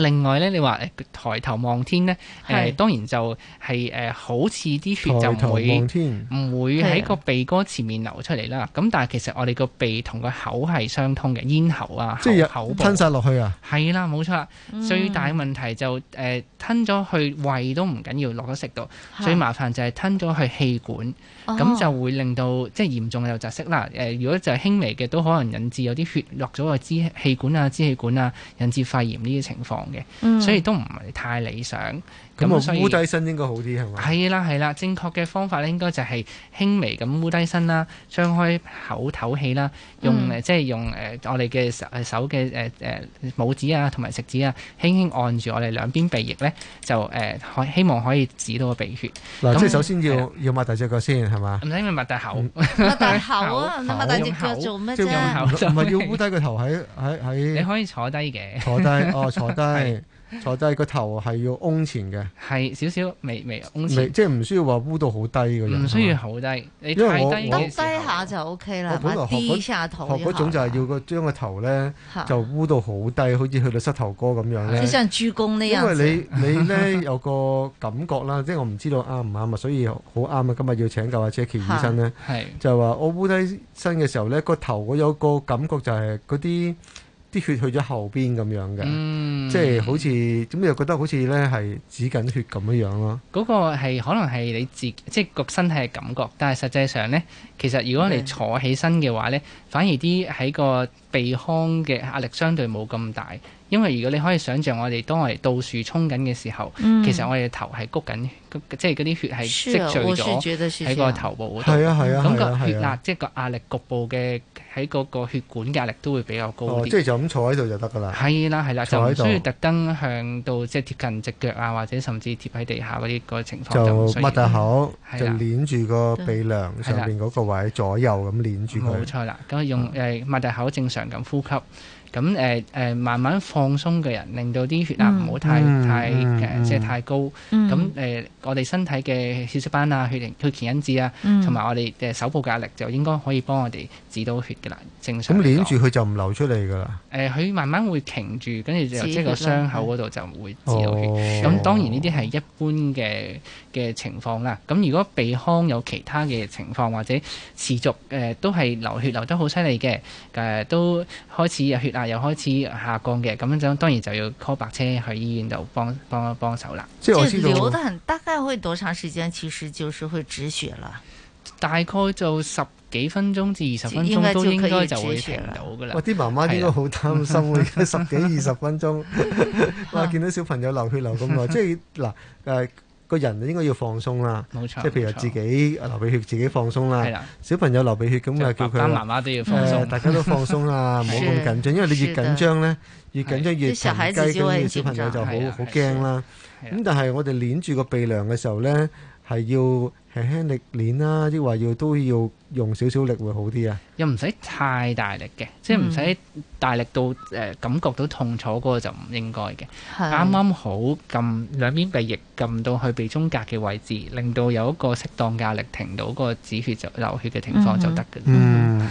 另外咧，你話抬頭望天咧，誒是、呃、當然就係、是、誒、呃、好似啲血就唔會唔會喺個鼻哥前面流出嚟啦。咁是但係其實我哋個鼻同個口係相通嘅，咽喉啊，喉即係口吞晒落去啊，係啦，冇錯。最、嗯、大嘅問題就誒、是呃、吞咗去胃都唔緊要，落咗食道，最是麻煩就係吞咗去氣管，咁、哦、就會令到即係嚴重有窒息啦。誒、呃、如果就係輕微嘅，都可能引致有啲血落咗個支氣管啊、支氣管啊，引致肺炎呢啲情況。嗯、所以都唔係太理想。咁屈低身應該好啲係咪？係啦係啦，正確嘅方法咧應該就係輕微咁屈低身啦，張開口透氣啦，用誒、嗯、即係用誒、呃、我哋嘅手、呃、手嘅誒誒拇指啊同埋食指啊，輕輕按住我哋兩邊鼻翼咧，就誒可、呃、希望可以止到個鼻血。嗱，即係首先要要抹大隻腳先係嘛？唔使咪擘大口，擘大口啊！抹大隻腳做咩即係用口，唔係要屈低個頭喺喺喺。你可以坐低嘅，坐低哦，坐低。 坐低個頭係要凹前嘅，係少少微微，微，微，微，即係唔需要話烏到好低嗰種。唔需要好低，因為你低低下就 OK 啦。低下頭，嗰種就係要個將個頭咧就烏到好低，好似去到膝頭哥咁樣咧。即係像鞠躬呢樣，因為你你咧有個感覺啦，即係我唔知道啱唔啱啊， 所以好啱啊。今日要請教 Jackie 醫生咧，就話、是、我烏低身嘅時候咧個頭，我有個感覺就係嗰啲。啲血去咗後邊咁樣嘅，即係好似咁又覺得好似咧係止緊血咁樣囉。咯、嗰個。嗰個係可能係你自己即係個身體嘅感覺，但係實際上咧，其實如果你坐起身嘅話咧、嗯，反而啲喺個鼻腔嘅壓力相對冇咁大。因為如果你可以想像我哋當係到處衝緊嘅時候、嗯，其實我哋頭係谷緊，即係嗰啲血係積聚咗喺個頭部。係啊係啊，咁、啊啊個血壓係、啊是啊、即係個壓力局部嘅喺嗰個血管壓力都會比較高啲、哦。即係就咁坐喺度就得㗎啦。係啦係啦，就唔需要特登向到即係貼近隻腳啊，或者甚至貼喺地下嗰啲個情況。就擘大口，就捏住個鼻梁上邊嗰個位，左右咁捏住佢。冇錯啦，咁用誒擘、嗯、大口正常咁呼吸。咁誒誒慢慢放鬆嘅人，令到啲血壓唔好太、嗯、太誒即係太高。咁誒、嗯呃、我哋身體嘅血色斑啊、血凝血凝因子啊，同埋、嗯、我哋嘅手部壓力，就應該可以幫我哋。止到血嘅啦，正常咁黏住佢就唔流出嚟噶啦。誒、呃，佢慢慢會停住，跟住就即係個傷口嗰度就會止到血。咁、哦、當然呢啲係一般嘅嘅情況啦。咁如果鼻腔有其他嘅情況，或者持續誒、呃、都係流血流得好犀利嘅，誒、呃、都開始有血壓又開始下降嘅，咁樣就當然就要 call 白車去醫院度幫幫幫手啦。即係我知道我流大概會多長時間，其實就是會止血啦。大概就十幾分鐘至二十分鐘都應該就會停到噶啦。啲媽媽應該好擔心， 十幾二十分鐘， 哇！見到小朋友流血流咁耐， 即係嗱，誒、呃，個人應該要放鬆啦。冇錯，即係譬如自己流鼻血自己放鬆啦。係啦，小朋友流鼻血咁啊，叫佢。大家媽媽都要放鬆，誒，大家都放鬆啦，唔好咁緊張。因為你越緊張咧，越緊張越驚，咁個小，小朋友就好好驚啦。咁但係我哋捏住個鼻梁嘅時候咧，係要。輕輕力捏啦，啊，啲話要都要用少少力會好啲啊，又唔使太大力嘅，嗯、即係唔使大力到誒、呃、感覺到痛楚嗰個就唔應該嘅，啱、嗯、啱好撳兩邊鼻翼撳到去鼻中隔嘅位置，令到有一個適當壓力停到個止血就流血嘅情況就得嘅。嗯，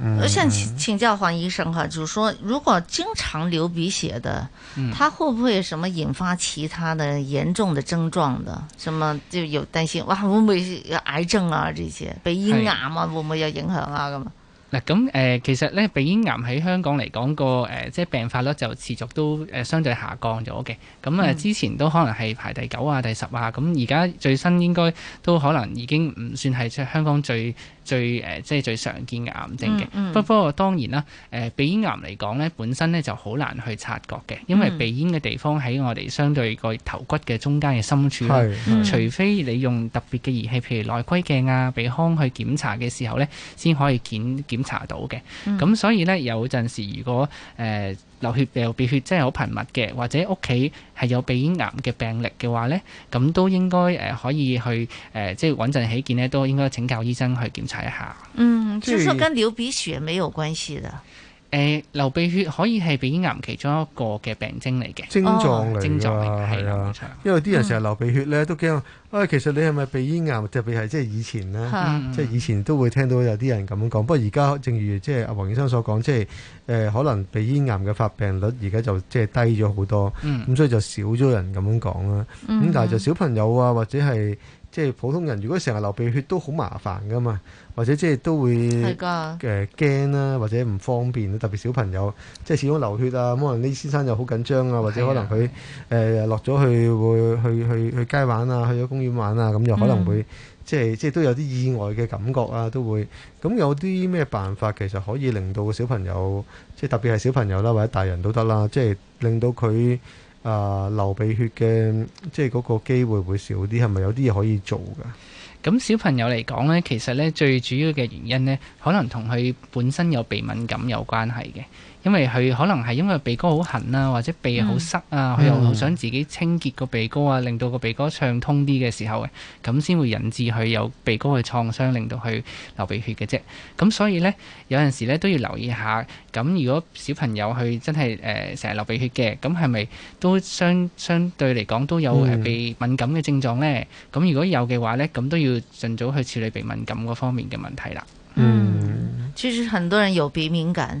嗯，我、嗯、想、嗯嗯、請，請教黃醫生哈，就是說如果經常流鼻血的，他、嗯、會不會什麼引發其他的嚴重的症狀的？什麼就有擔心？哇，我每有癌症啊，呢啲鼻咽癌啊，會唔會有影響啊？咁嗱，咁、呃、誒，其實咧，鼻咽癌喺香港嚟講個誒，即係病發率就持續都誒、呃、相對下降咗嘅。咁誒、呃，之前都可能係排第九啊、第十啊，咁而家最新應該都可能已經唔算係即係香港最。最誒即係最常見嘅癌症嘅、嗯嗯，不過當然啦，誒、呃、鼻咽癌嚟講咧，本身咧就好難去察覺嘅，因為鼻咽嘅地方喺我哋相對個頭骨嘅中間嘅深處、嗯，除非你用特別嘅儀器，譬如內窺鏡啊、鼻腔去檢查嘅時候咧，先可以檢檢查到嘅。咁、嗯、所以咧，有陣時如果誒，呃流血、流鼻血，真係好頻密嘅，或者屋企係有鼻咽癌嘅病歷嘅話咧，咁都應該誒可以去誒、呃，即係穩陣起見咧，都應該請教醫生去檢查一下。嗯，就是說跟流鼻血沒有關係嘅。誒、呃、流鼻血可以係鼻咽癌其中一個嘅病徵嚟嘅症狀嚟嘅，係啦、啊，因為啲人成日流鼻血咧、嗯、都驚啊、哎，其實你係咪鼻咽癌？特別係即係以前咧，即、嗯、係以前都會聽到有啲人咁樣講。不過而家正如即係阿黃醫生所講，即係誒可能鼻咽癌嘅發病率而家就即係低咗好多，咁、嗯、所以就少咗人咁樣講啦。咁但係就小朋友啊，或者係。即係普通人，如果成日流鼻血都好麻煩噶嘛，或者即係都會誒驚啦，或者唔方便啦，特別小朋友，即係始終流血啊，咁可能啲先生又好緊張啊，或者可能佢誒落咗去會去去去街玩啊，去咗公園玩啊，咁又可能會、嗯、即係即係都有啲意外嘅感覺啊，都會。咁有啲咩辦法其實可以令到個小朋友，即係特別係小朋友啦，或者大人都得啦，即係令到佢。啊、呃！流鼻血嘅，即係嗰個機會會少啲，係咪有啲嘢可以做㗎？咁小朋友嚟講呢，其實呢，最主要嘅原因呢，可能同佢本身有鼻敏感有關係嘅。因為佢可能係因為鼻哥好痕啊，或者鼻好塞啊，佢、嗯、又好想自己清潔個鼻哥啊、嗯，令到個鼻哥暢通啲嘅時候嘅，咁先會引致佢有鼻哥嘅創傷，令到佢流鼻血嘅啫。咁所以呢，有陣時咧都要留意一下。咁如果小朋友去真係誒成日流鼻血嘅，咁係咪都相相對嚟講都有誒、呃、鼻敏感嘅症狀呢？咁、嗯、如果有嘅話呢，咁都要盡早去處理鼻敏感嗰方面嘅問題啦。嗯，其、就、實、是、很多人有鼻敏感。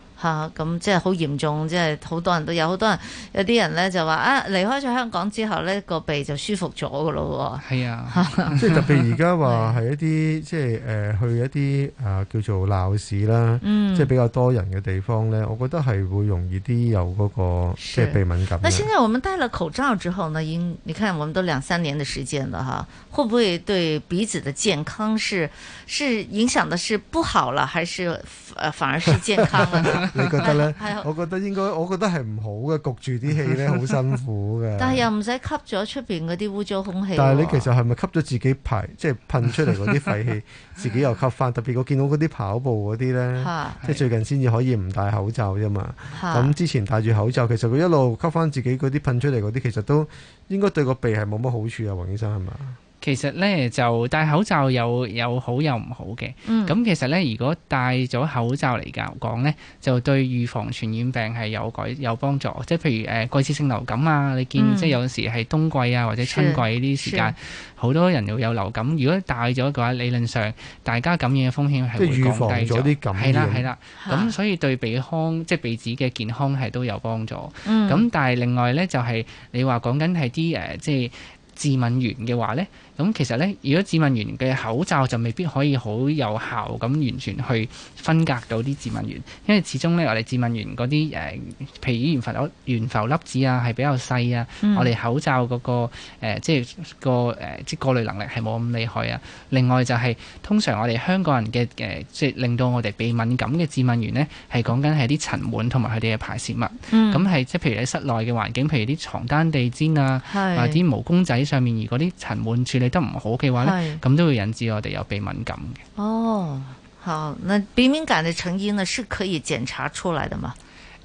嚇，咁即係好嚴重，即係好多人都有，好多人有。啲人咧就話啊離開咗香港之後咧，個鼻就舒服咗噶咯喎。係、嗯、啊，即係特別而家話係一啲即係誒去一啲啊叫做鬧市啦，即係比較多人嘅地方咧，我覺得係會容易啲有嗰個即係鼻敏感。那現在我們戴了口罩之後呢？應你看，我們都兩三年嘅時間啦，哈，會不會對鼻子的健康是是影響的，是不好了，還是呃反而是健康了呢？ 你覺得咧？ 我覺得應該，我覺得係唔好嘅，焗住啲氣咧好辛苦嘅。但係又唔使吸咗出邊嗰啲污糟空氣。但係你其實係咪吸咗自己排，即係噴出嚟嗰啲廢氣， 自己又吸翻？特別我見到嗰啲跑步嗰啲咧， 即係最近先至可以唔戴口罩啫嘛。咁 之前戴住口罩，其實佢一路吸翻自己嗰啲噴出嚟嗰啲，其實都應該對個鼻係冇乜好處啊，黃醫生係嘛？是其實咧就戴口罩有有好有唔好嘅，咁、嗯、其實咧如果戴咗口罩嚟講咧，就對預防傳染病係有改有幫助。即係譬如誒、呃、季節性流感啊，你見、嗯、即係有時係冬季啊或者春季呢啲時間，好多人會有流感。如果戴咗嘅話，理論上大家感染嘅風險係會降低咗啲。係啦係啦，咁、啊、所以對鼻腔即係鼻子嘅健康係都有幫助。咁、嗯、但係另外咧就係、是、你話講緊係啲即係致敏源嘅話咧。咁其實咧，如果致敏原嘅口罩就未必可以好有效咁完全去分隔到啲致敏原，因為始終咧我哋致敏原嗰啲誒譬如懸浮懸浮粒子啊，係比較細啊，嗯、我哋口罩嗰、那個、呃、即係個誒、呃、即係過濾能力係冇咁厲害啊。另外就係、是、通常我哋香港人嘅誒即係令到我哋鼻敏感嘅致敏原咧，係講緊係啲塵蟎同埋佢哋嘅排泄物，咁係即係譬如喺室內嘅環境，譬如啲床單、地氈啊，或啲、啊、毛公仔上面而嗰啲塵蟎理得唔好嘅話咧，咁都會引致我哋有鼻敏感嘅。哦，好，那鼻敏感嘅成因呢，是可以檢查出來的嗎？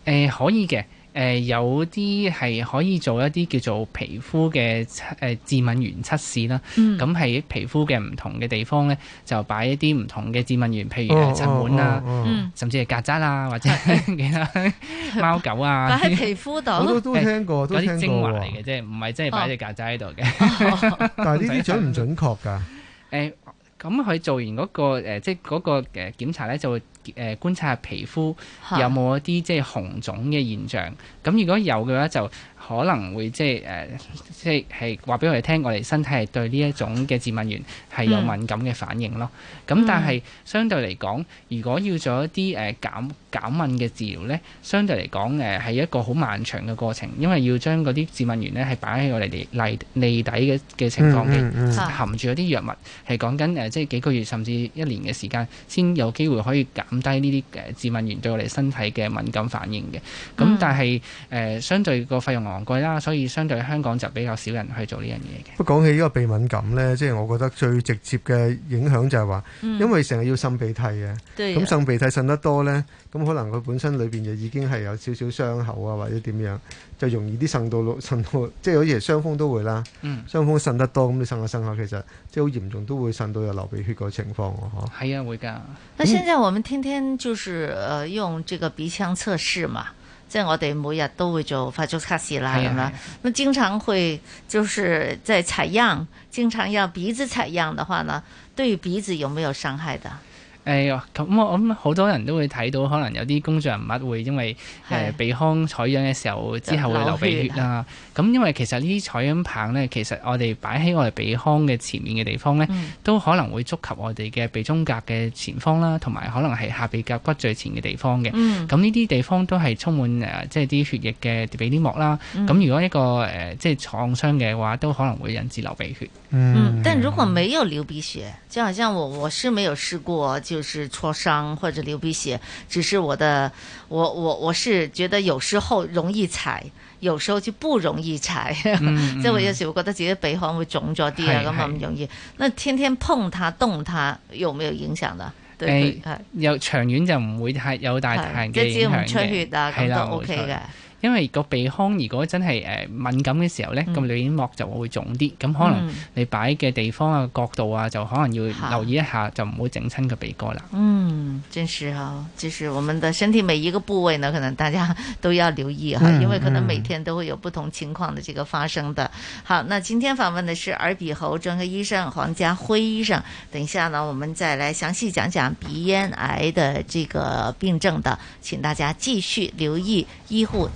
誒、呃，可以嘅。誒、呃、有啲係可以做一啲叫做皮膚嘅誒致敏原測試啦，咁、嗯、喺皮膚嘅唔同嘅地方咧，就擺一啲唔同嘅致敏原，譬如塵蟎啊哦哦哦哦哦，甚至係曱甴啊、嗯，或者其他貓狗啊，擺喺皮膚度。好 都，都聽過，都聽過，嗰啲精華嚟嘅啫，唔、哦、係真係擺隻曱甴喺度嘅。 但係呢啲準唔準確㗎？誒、 呃，咁佢做完嗰、嗰個即係嗰個誒檢查咧，就會。誒觀察下皮膚有冇一啲即係紅腫嘅現象，咁、啊、如果有嘅話，就可能會即係誒，即係話俾我哋聽，我哋身體係對呢一種嘅致敏原係有敏感嘅反應咯。咁、嗯、但係相對嚟講，如果要做一啲誒減減敏嘅治療咧，相對嚟講誒係一個好漫長嘅過程，因為要將嗰啲致敏原咧係擺喺我哋哋脷嚟底嘅嘅情況嘅、嗯嗯嗯，含住一啲藥物係講緊誒，即係幾個月甚至一年嘅時間先有機會可以減。咁低呢啲誒致敏原對我哋身體嘅敏感反應嘅，咁、嗯、但係、呃、相對個費用昂貴啦，所以相對香港就比較少人去做呢樣嘢嘅。不講起呢個鼻敏感呢，即、就、係、是、我覺得最直接嘅影響就係話、嗯，因為成日要擤鼻涕嘅，咁擤鼻涕擤得多呢。咁可能佢本身裏邊就已經係有少少傷口啊，或者點樣就容易啲滲到滲到，即係好似係傷風都會啦。嗯。傷風滲得多咁，你滲下滲下，其實即係好嚴重，都會滲到有流鼻血個情況喎，嗬。係啊，會㗎。那現在我們天天就是誒、呃、用這個鼻腔測試嘛，即、嗯、係我哋每日都會做快速測試啦，咁嘛？咁經常會就是在採樣，經常要鼻子採樣的話呢，對於鼻子有沒有傷害的？咁，我諗好多人都會睇到，可能有啲工作人物會因為誒鼻腔採樣嘅時候，之後會流鼻血啦。咁、嗯、因為其實呢啲採樣棒呢，其實我哋擺喺我哋鼻腔嘅前面嘅地方呢、嗯，都可能會觸及我哋嘅鼻中隔嘅前方啦，同埋可能係下鼻甲骨最前嘅地方嘅。咁呢啲地方都係充滿誒即係啲血液嘅鼻黏膜啦。咁、嗯嗯、如果一個誒、呃、即係創傷嘅話，都可能會引致流鼻血嗯。嗯，但如果沒有流鼻血，就好像我我是沒有試過，就是挫傷或者流鼻血，只是我的我我我是覺得有時候容易踩。有時候就不容易踩，即係、嗯、我有時會覺得自己鼻腔會腫咗啲啊，咁啊唔容易。嗯、那天天碰它、動它，有沒有影響啦？誒，呃、有長遠就唔會太有大，大即係只要唔出血啊，咁都 OK 嘅。因為個鼻腔如果真係誒敏感嘅時候呢，咁鼻咽膜就會腫啲，咁、嗯、可能你擺嘅地方啊、角度啊、嗯，就可能要留意一下，就唔好整親個鼻哥啦。嗯，真是啊，其、就是我們的身體每一個部位呢，可能大家都要留意哈、嗯，因為可能每天都會有不同情況的這個發生的。嗯、好，那今天訪問的是耳鼻喉專科醫生黃嘉輝醫生，等一下呢，我們再來詳細講講鼻咽癌的這個病症的。請大家繼續留意醫護。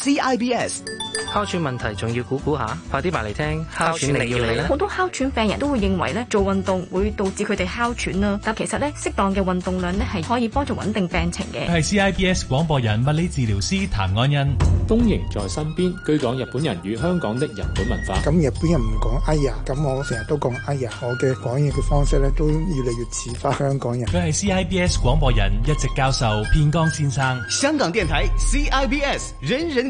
CIBS 哮喘問題仲要估估下，快啲埋嚟聽哮喘你要唔要？好多哮喘病人都會認為咧做運動會導致佢哋哮喘啦，但其實咧適當嘅運動量咧係可以幫助穩定病情嘅。佢係 CIBS 廣播人物理治療師譚安欣。東瀛在身邊，居港日本人與香港的日本文化。咁日本人唔講哎呀，咁我成日都講哎呀，我嘅講嘢嘅方式咧都越嚟越似翻香港人。佢係 CIBS 廣播人，一直教授片江先生。香港電台 CIBS 人人。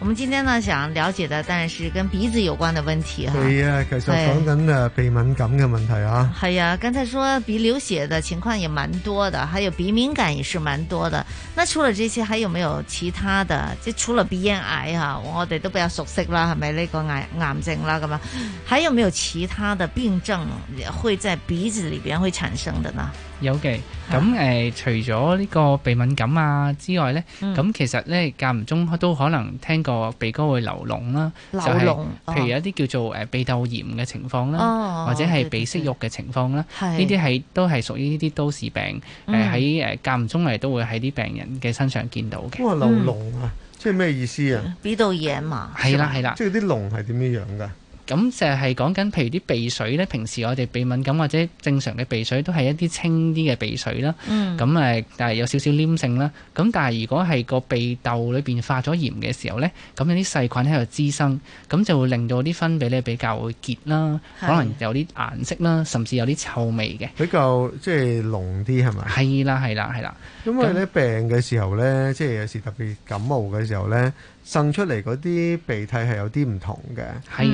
我們今天呢，想了解的當然是跟鼻子有關的問題哈。啊，其實、啊、講緊的鼻敏感嘅問題啊。係啊，剛才說鼻流血的情況也蠻多的，還有鼻敏感也是蠻多的。那除了這些，還有沒有其他的？即除了鼻咽癌啊，我哋都比較熟悉啦，係咪呢個癌癌症啦咁樣？還有沒有其他的病症會在鼻子裏邊會產生的呢？有嘅，咁誒除咗呢個鼻敏感啊之外咧，咁其實咧間唔中都可能聽過鼻哥會流膿啦，就係膿，譬如有啲叫做誒鼻竇炎嘅情況啦，或者係鼻息肉嘅情況啦，呢啲係都係屬於呢啲都市病，誒喺誒間唔中嚟都會喺啲病人嘅身上見到嘅。咁話流膿啊，即係咩意思啊？鼻竇炎啊嘛，係啦係啦。即係啲膿係點樣樣噶？咁就係講緊，譬如啲鼻水咧，平時我哋鼻敏感或者正常嘅鼻水都係一啲清啲嘅鼻水啦。嗯。咁誒，但係有少少黏性啦。咁但係如果係個鼻竇裏面化咗炎嘅時候咧，咁有啲細菌喺度滋生，咁就會令到啲分泌咧比較會結啦，可能有啲顏色啦，甚至有啲臭味嘅。比較即係、就是、濃啲係咪？係啦，係啦，係啦。因為咧病嘅時候咧，即係有時特別感冒嘅時候咧。滲出嚟嗰啲鼻涕係有啲唔同嘅，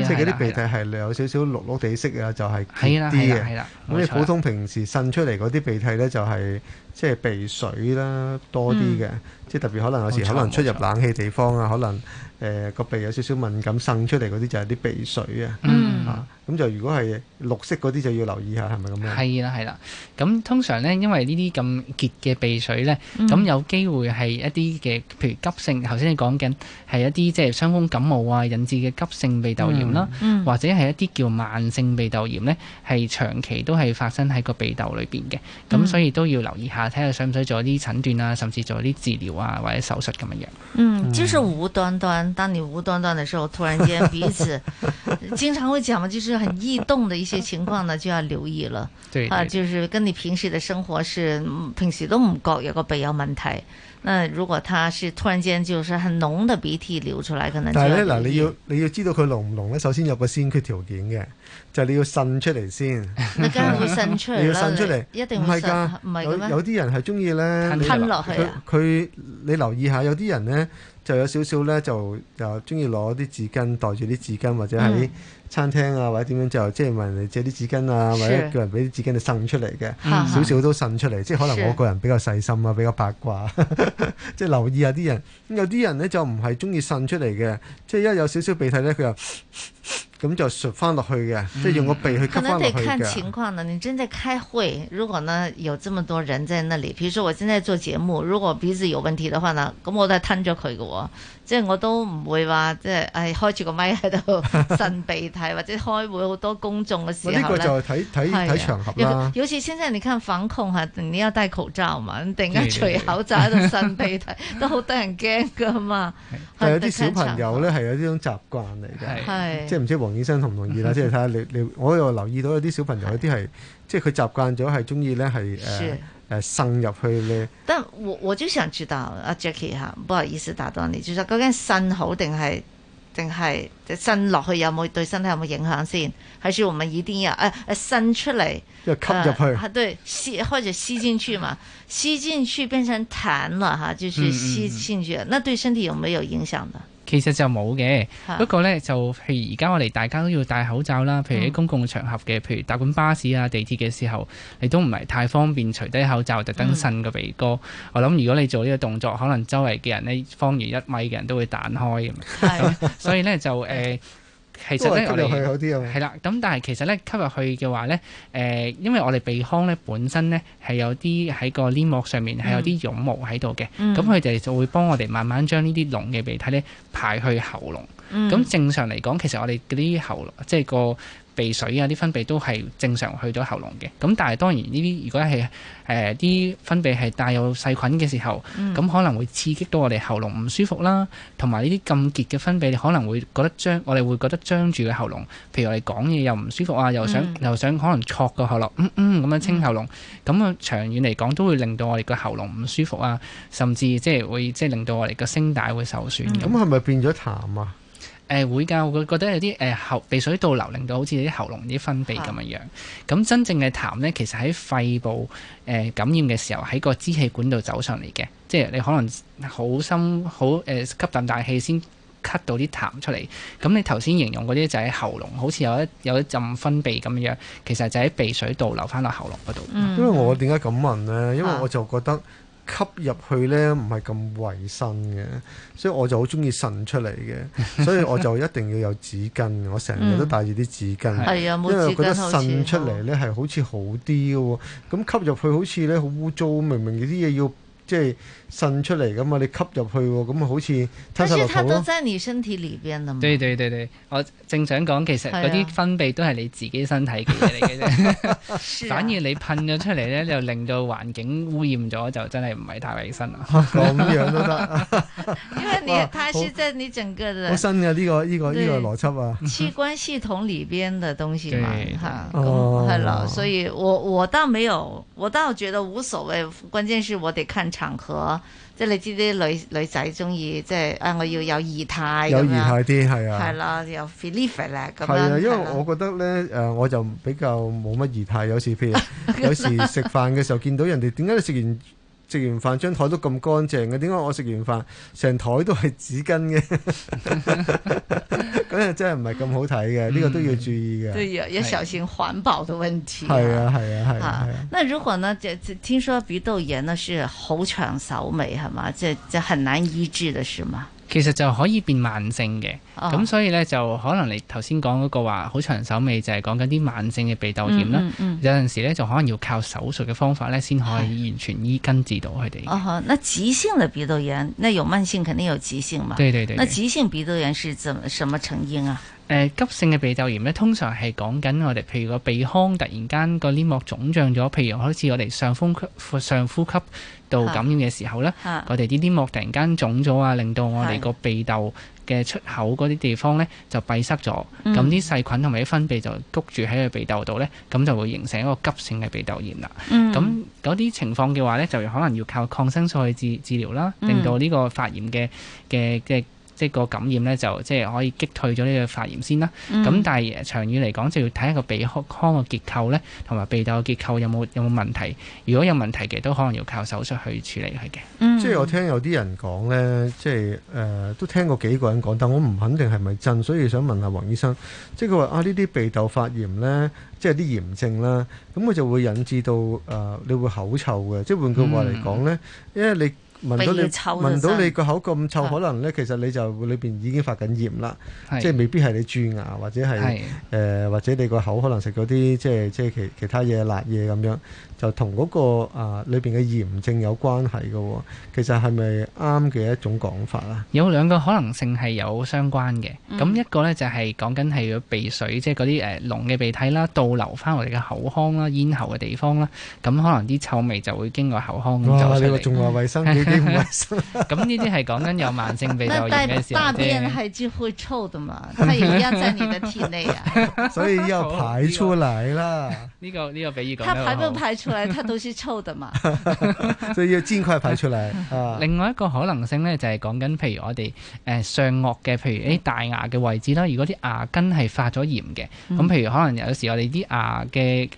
即係嗰啲鼻涕係有少少綠綠地色啊，就係黐啲嘅。咁你普通平時滲出嚟嗰啲鼻涕咧，就係、是。即係鼻水啦，多啲嘅，即係特別可能有時可能出入冷氣地方啊，可能誒個鼻有少少敏感滲出嚟嗰啲就係啲鼻水啊，啊咁就如果係綠色嗰啲就要留意下係咪咁樣？係啦係啦，咁通常咧因為呢啲咁結嘅鼻水咧，咁有機會係一啲嘅，譬如急性，頭先你講緊係一啲即係傷風感冒啊引致嘅急性鼻竇炎啦，或者係一啲叫慢性鼻竇炎咧，係長期都係發生喺個鼻竇裏邊嘅，咁所以都要留意下。睇下使唔使做啲診斷啊，甚至做啲治療啊，或者手術咁樣。嗯，就是無端端，當你無端端嘅時候，突然間彼此經常會講嘛，就是很異動的一些情況呢，就要留意了。對，對，對啊，就是跟你平時的生活是平時都唔覺有個鼻有問題。那如果他是突然間就是很濃的鼻涕流出來，可能就但係咧嗱，你要你要知道佢濃唔濃咧，首先有個先決條件嘅，就係、你要擤出嚟先，來 你梗會擤出嚟啦，你一定會擤，唔係噶，唔係嘅咩？有啲人係中意咧，吞落去啊！佢你，你留意一下，有啲人咧就有少少咧就就中意攞啲紙巾袋住啲紙巾或者喺，嗯餐廳啊，或者點樣就即係問人借啲紙巾啊，或者叫人俾啲紙巾你擤出嚟嘅，少、嗯、少都擤出嚟、嗯。即係可能我個人比較細心啊，比較八卦，呵呵即係留意一下啲人。咁有啲人咧就唔係中意擤出嚟嘅，即係一有少少鼻涕咧，佢又。咁就擤翻落去嘅、嗯，即係用個鼻去吸翻落去嘅。可能得看情況呢，你正在開會，如果呢有這麼多人在那裡，譬如說我正在做節目，如果鼻子有問題嘅話呢咁我都係吞咗佢嘅，即係我都唔會話即係誒、哎、開住個咪喺度擤鼻涕， 或者開會好多公眾嘅時候咧。啊這個就係睇睇睇場合尤好似先生，你看防控你要戴口罩嘛？突然間除口罩喺度擤鼻涕， 都好得人驚噶嘛。但係有啲小朋友呢，係 有呢種習慣嚟嘅，即係唔知王醫生同唔同意啦、嗯？即係睇下你你，我又留意到有啲小朋友有啲係，即係佢習慣咗係中意咧係誒誒滲入去咧。但我我就想知道阿 Jacky 吓，Jackie，不好意思打斷你，就說、是、究竟滲好定係定係滲落去有冇對身體有冇影響先？還是我們一定要誒誒滲出嚟、呃？吸入去？啊對，吸或者吸進去嘛，吸進去變成痰啦吓，就是吸進去嗯嗯，那對身體有沒有影響的？其實就冇嘅，不過呢，就譬如而家我哋大家都要戴口罩啦。譬如喺公共場合嘅，譬如搭緊巴士啊、地鐵嘅時候，你都唔係太方便除低口罩，特登伸個鼻哥。我諗如果你做呢個動作，可能周圍嘅人呢，方圓一米嘅人都會彈開咁。係，所以呢，就、 呃其實咧、哦啊，我哋去好啲嘅。係啦，咁但係其實咧吸入去嘅話咧，誒、呃，因為我哋鼻腔咧本身咧係有啲喺個黏膜上面係、嗯、有啲絨毛喺度嘅，咁佢哋就會幫我哋慢慢將呢啲濃嘅鼻涕咧排去喉嚨。咁、嗯、正常嚟講，其實我哋嗰啲喉嚨即係、就是、個。鼻水啊，啲分泌都係正常去到喉嚨嘅，咁但係當然呢啲如果係誒啲分泌係帶有細菌嘅時候，咁、嗯、可能會刺激到我哋喉嚨唔舒服啦，同埋呢啲咁結嘅分泌，你可能會覺得張，我哋會覺得張住個喉嚨，譬如我哋講嘢又唔舒服啊，又想、嗯、又想，又想可能戳個喉嚨，嗯嗯咁樣清喉嚨，咁、嗯、啊長遠嚟講都會令到我哋個喉嚨唔舒服啊，甚至即係會即係、即係、令到我哋個聲帶會受損。咁係咪變咗痰啊？誒會㗎，我覺覺得有啲誒喉鼻水倒流，令到好似你啲喉嚨啲分泌咁樣樣。咁真正嘅痰咧，其實喺肺部誒、呃、感染嘅時候，喺個支氣管度走上嚟嘅。即係你可能好深好誒、呃、吸啖大氣先咳到啲痰出嚟。咁你頭先形容嗰啲就喺喉嚨，好似有一有一浸分泌咁樣樣，其實就喺鼻水倒流翻落喉嚨嗰度。嗯、因為我點解咁問咧？因為我就覺得。吸入去咧唔係咁衞生嘅，所以我就好中意滲出嚟嘅，所以我就一定要有紙巾， 我成日都帶住啲紙巾，嗯、因為覺得滲出嚟咧係好似好啲嘅喎。咁吸入去好似咧好污糟，明明啲嘢要即係。滲出嚟噶嘛。你吸入去，咁好似吞下落肚咯。但係佢都在你身體裏邊嘛。對對對對，我正想講，其實嗰啲分泌都係你自己身體嘅嘢嚟嘅啫。啊、 反而你噴咗出嚟咧，就令到環境污染咗，就真係唔係太衛生啦。咁、啊、樣都得， 因為你，它是在你整個的好，好新嘅呢，這個呢，這個呢，這個邏輯啊。器官系統裏邊的東西嘛，吓，係、啊、啦、哦。所以我我倒沒有，我倒覺得無所謂。關鍵是我得看場合。即係你知啲女女仔中意，即係啊、哎，我要有儀態咁樣，有儀態啲係啊。係啦，有 feel i 咁樣。係啊，因為我覺得咧，誒、呃，我就比較冇乜儀態，有時譬如，有時食飯嘅時候 見到人哋，點解你食完食完飯張台都咁乾淨嘅、啊，點解我食完飯成台都係紙巾嘅？咁 樣 真係唔係咁好睇嘅，呢、嗯呢個都要注意嘅。對、啊，呀，要小心環保嘅問題。係啊，係啊，係、啊啊啊啊。那如果呢？聽說鼻竇炎呢是好長手尾，係嘛？即係就很難醫治的，是嗎？其實就可以變慢性嘅，咁、哦、所以呢，就可能你頭先講嗰個話好長手尾就係講緊啲慢性嘅鼻竇炎啦、嗯嗯。有陣時呢，就可能要靠手術嘅方法呢，先可以完全醫根治到佢哋。哦，那急性的鼻竇炎，那有慢性肯定有急性嘛？對對對，對。那急性鼻竇炎是怎麼什麼成因啊？呃、急性嘅鼻竇炎呢，通常係講緊我哋譬如個鼻腔突然間個黏膜腫脹咗，譬如好似我哋上風上呼吸。到感染嘅時候咧，我哋啲黏膜突然間腫咗啊，令到我哋個鼻竇嘅出口嗰啲地方咧就閉塞咗，咁、嗯、啲細菌同埋啲分泌就谷住喺個鼻竇度咧，咁就會形成一個急性嘅鼻竇炎啦。咁有啲情況嘅話咧，就可能要靠抗生素去治治療啦，令到呢個發炎嘅嘅嘅。即係個感染咧，就即係可以擊退咗呢個發炎先啦。咁、嗯、但係長遠嚟講，就要睇一個鼻腔個結構咧，同埋鼻竇個結構有冇有冇問題。如果有問題嘅，都可能要靠手術去處理佢嘅、嗯。即係我聽有啲人講咧，即係誒、呃、都聽過幾個人講，但我唔肯定係咪真，所以想問下黃醫生。即係佢話啊，呢啲鼻竇發炎咧，即係啲炎症啦，咁佢就會引致到誒、呃、你會口臭嘅。即係換句話嚟講咧，因為你。聞到你聞到你個口咁臭，可能咧，其實你就裏邊已經發緊炎啦，即係未必係你蛀牙或者係誒、呃、或者你個口可能食咗啲即係即係其其他嘢辣嘢咁樣。就同嗰、那個啊、呃、裏邊嘅炎症有關係嘅、哦，其實係咪啱嘅一種講法啊？有兩個可能性係有相關嘅，咁、嗯、一個咧就係、是、講緊係個鼻水，即係嗰啲誒濃嘅鼻涕啦，倒流翻我哋嘅口腔啦、咽喉嘅地方啦，咁可能啲臭味就會經過口腔這。哇！你話仲話衞生，幾點衞生？咁呢啲係講緊有慢性鼻炎嘅時候咧。 所以呢要排出嚟啦。呢、 這個呢、這個鼻呢講。排不排出？佢它 都是臭的嘛，所以要盡快排出嚟。啊、另外一個可能性咧，就係講緊，譬如我哋上顎嘅，譬如誒大牙嘅位置啦。如果啲牙根係發咗炎嘅，咁譬如可能有時我哋啲牙嘅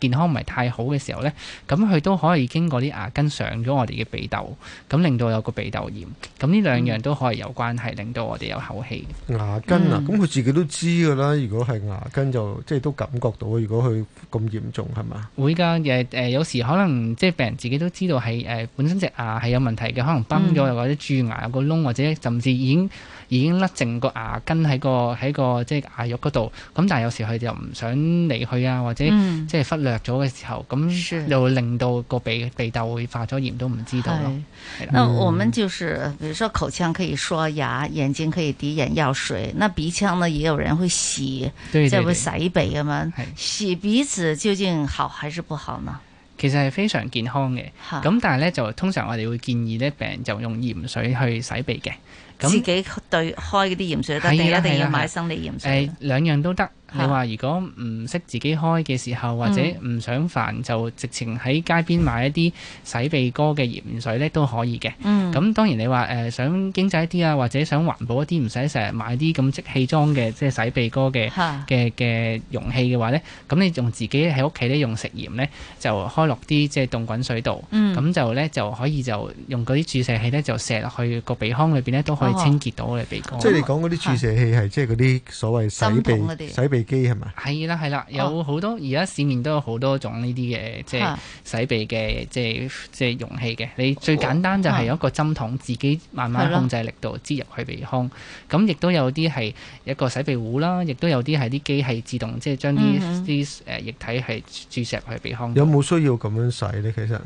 健康唔係太好嘅時候呢，咁佢都可以經過啲牙根上咗我哋嘅鼻竇，咁令到有個鼻竇炎，咁呢兩樣都可以有關係，令到我哋有口氣。牙根啊，咁佢、嗯、自己都知噶啦。如果係牙根就即係都感覺到。如果佢咁嚴重係嘛？會噶、呃、有時可能即係病人自己都知道係誒、呃、本身隻牙係有問題嘅，可能崩咗又、嗯、或者蛀牙有個窿，或者甚至已經。已經甩淨、那個、個牙根喺個喺個即係牙肉嗰度，咁但係有時佢又唔想離去啊，或者即係忽略咗嘅時候，咁、嗯、又會令到個鼻鼻竇會化咗炎都唔知道咯、嗯。那我們就是，比如說口腔可以刷牙，眼睛可以滴眼藥水，那鼻腔呢也有人會洗，對對對再會洗鼻嘅嘛。洗鼻子究竟好還是不好呢？其實係非常健康嘅，咁但係咧就通常我哋會建議咧病人就用鹽水去洗鼻嘅。自己對開嗰啲鹽水得，定一定要買生理鹽水？誒、哎，兩樣都得。你話如果唔識自己開嘅時候，或者唔想煩，嗯、就直情喺街邊買一啲洗鼻哥嘅鹽水咧都可以嘅。嗯。咁當然你話誒、呃、想經濟啲啊，或者想環保一啲，唔使成日買啲咁 即棄裝嘅即係洗鼻哥嘅嘅嘅容器嘅話咧，咁你用自己喺屋企咧用食鹽咧就開落啲即係凍滾水度，咁、嗯、就咧就可以就用嗰啲注射器咧就射落去個鼻腔裏面咧都可以清潔到嘅鼻哥。即係你講嗰啲注射器係即係嗰啲所謂洗鼻洗鼻。機係嘛？係啦，係啦，有好多而家市面都有好多種呢啲嘅，即係洗鼻嘅，即係即係容器嘅。你最簡單就係有一個針筒，自己慢慢控制力度，支入去鼻腔。咁亦都有啲係一個洗鼻壺啦，亦都有啲係啲機器自動，即係將啲啲誒液體係注射入去鼻腔。有冇需要咁樣洗咧？其實有有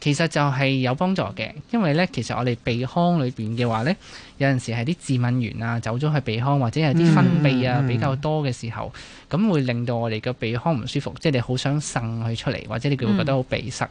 其實就係有幫助嘅，因為咧，其實我哋鼻腔裏邊嘅話咧。有陣時係啲致敏原啊，走咗去鼻腔或者係啲分泌啊比較多嘅時候，咁、嗯嗯、會令到我哋個鼻腔唔舒服，嗯、即係你好想擤佢出嚟，或者你會覺得好鼻塞。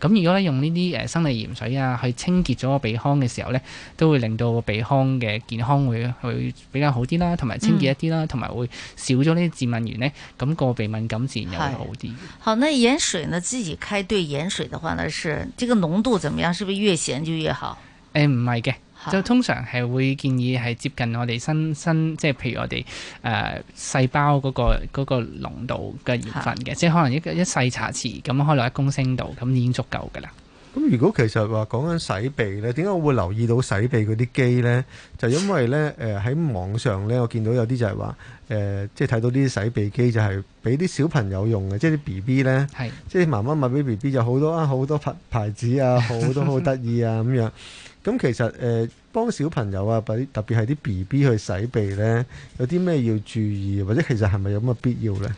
咁、嗯、如果咧用呢啲誒生理鹽水啊去清潔咗個鼻腔嘅時候咧，都會令到個鼻腔嘅健康會去比較好啲啦，同埋清潔一啲啦，同、嗯、埋會少咗呢啲致敏原咧，咁個鼻敏感自然又會好啲。好，那鹽水呢？自己開對鹽水嘅話呢，是這個濃度怎麼樣？係咪越鹹就越好？誒唔係嘅。不是的。就通常係會建議係接近我哋新新，即係譬如我哋誒、呃、細胞嗰、嗰個嗰、嗰個、濃度嘅鹽分嘅，即係可能一一細茶匙咁開落一公升度，咁已經足夠㗎啦。咁如果其實話講緊洗鼻咧，點解我會留意到洗鼻嗰啲機咧？就係、因為咧誒喺網上咧，我見到有啲就係話誒，即係睇到啲洗鼻機就係俾啲小朋友用嘅，即係啲 B B 咧，即係媽媽買俾 B B 就好多啊，好多牌牌子啊，好多好得意啊咁樣。 咁其實誒、呃、幫小朋友啊，特別係啲 B B 去洗鼻咧，有啲咩要注意，或者其實係咪有咁嘅必要咧？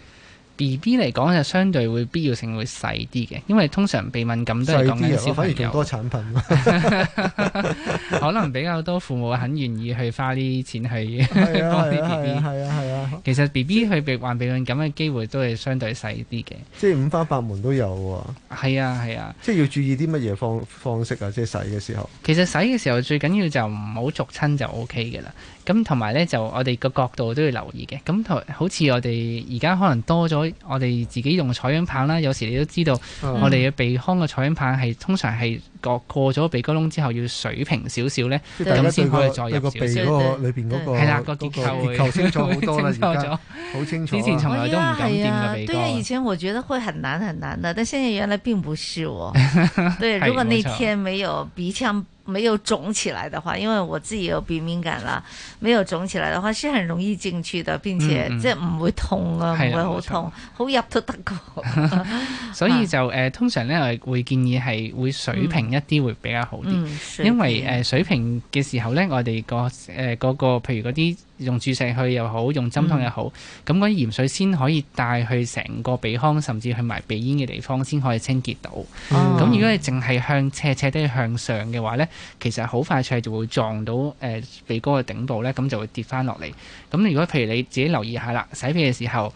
B B 嚟講就相對會必要性會細啲嘅，因為通常鼻敏感都係講緊小朋友，啊、反而勁多產品， 可能比較多父母很願意去花啲錢去、啊、 幫啲 B B。係啊係啊，啊，啊，其實 B B 去鼻患鼻敏感嘅機會都係相對細啲嘅。即係五花八門都有啊。係啊係啊。即係要注意啲乜嘢方方式啊？即係洗嘅時候。其實洗嘅時候最緊要，不要就唔好濁親就 O K 嘅啦。咁同埋咧，就我哋個角度都要留意嘅。咁同好似我哋而家可能多咗，我哋自己用採樣棒啦。有時你都知道，我哋嘅鼻腔嘅採樣棒係、嗯、通常係過咗鼻哥窿之後要水平少少咧，咁先可以再入一點點、那個鼻嗰個裏邊嗰個。啦，個結構清楚好多啦，好 清楚。以、啊、前從來都唔掂嘅鼻哥。因以前我覺得會很難很難的，但係現在原來並不是哦。 對，如果那天沒有鼻腔。沒有腫起來的話，因為我自己有鼻敏感啦，沒有腫起來的話是很容易進去的，並且即係唔會痛啊，唔、嗯嗯、會好痛，好入都得㗎。 所以就誒、呃，通常咧我會建議係會水平一啲會比較好啲、嗯嗯，因為誒、呃、水平嘅時候咧，我哋個誒嗰、呃、個譬如嗰啲。用注射去又好，用針筒又好，咁嗰啲鹽水先可以帶去成個鼻腔，甚至去埋鼻咽嘅地方先可以清潔到。咁、哦、如果你淨係向斜斜啲向上嘅話咧，其實好快脆就會撞到誒鼻哥嘅頂部咧，咁就會跌翻落嚟。咁如果譬如你自己留意下啦，洗鼻嘅時候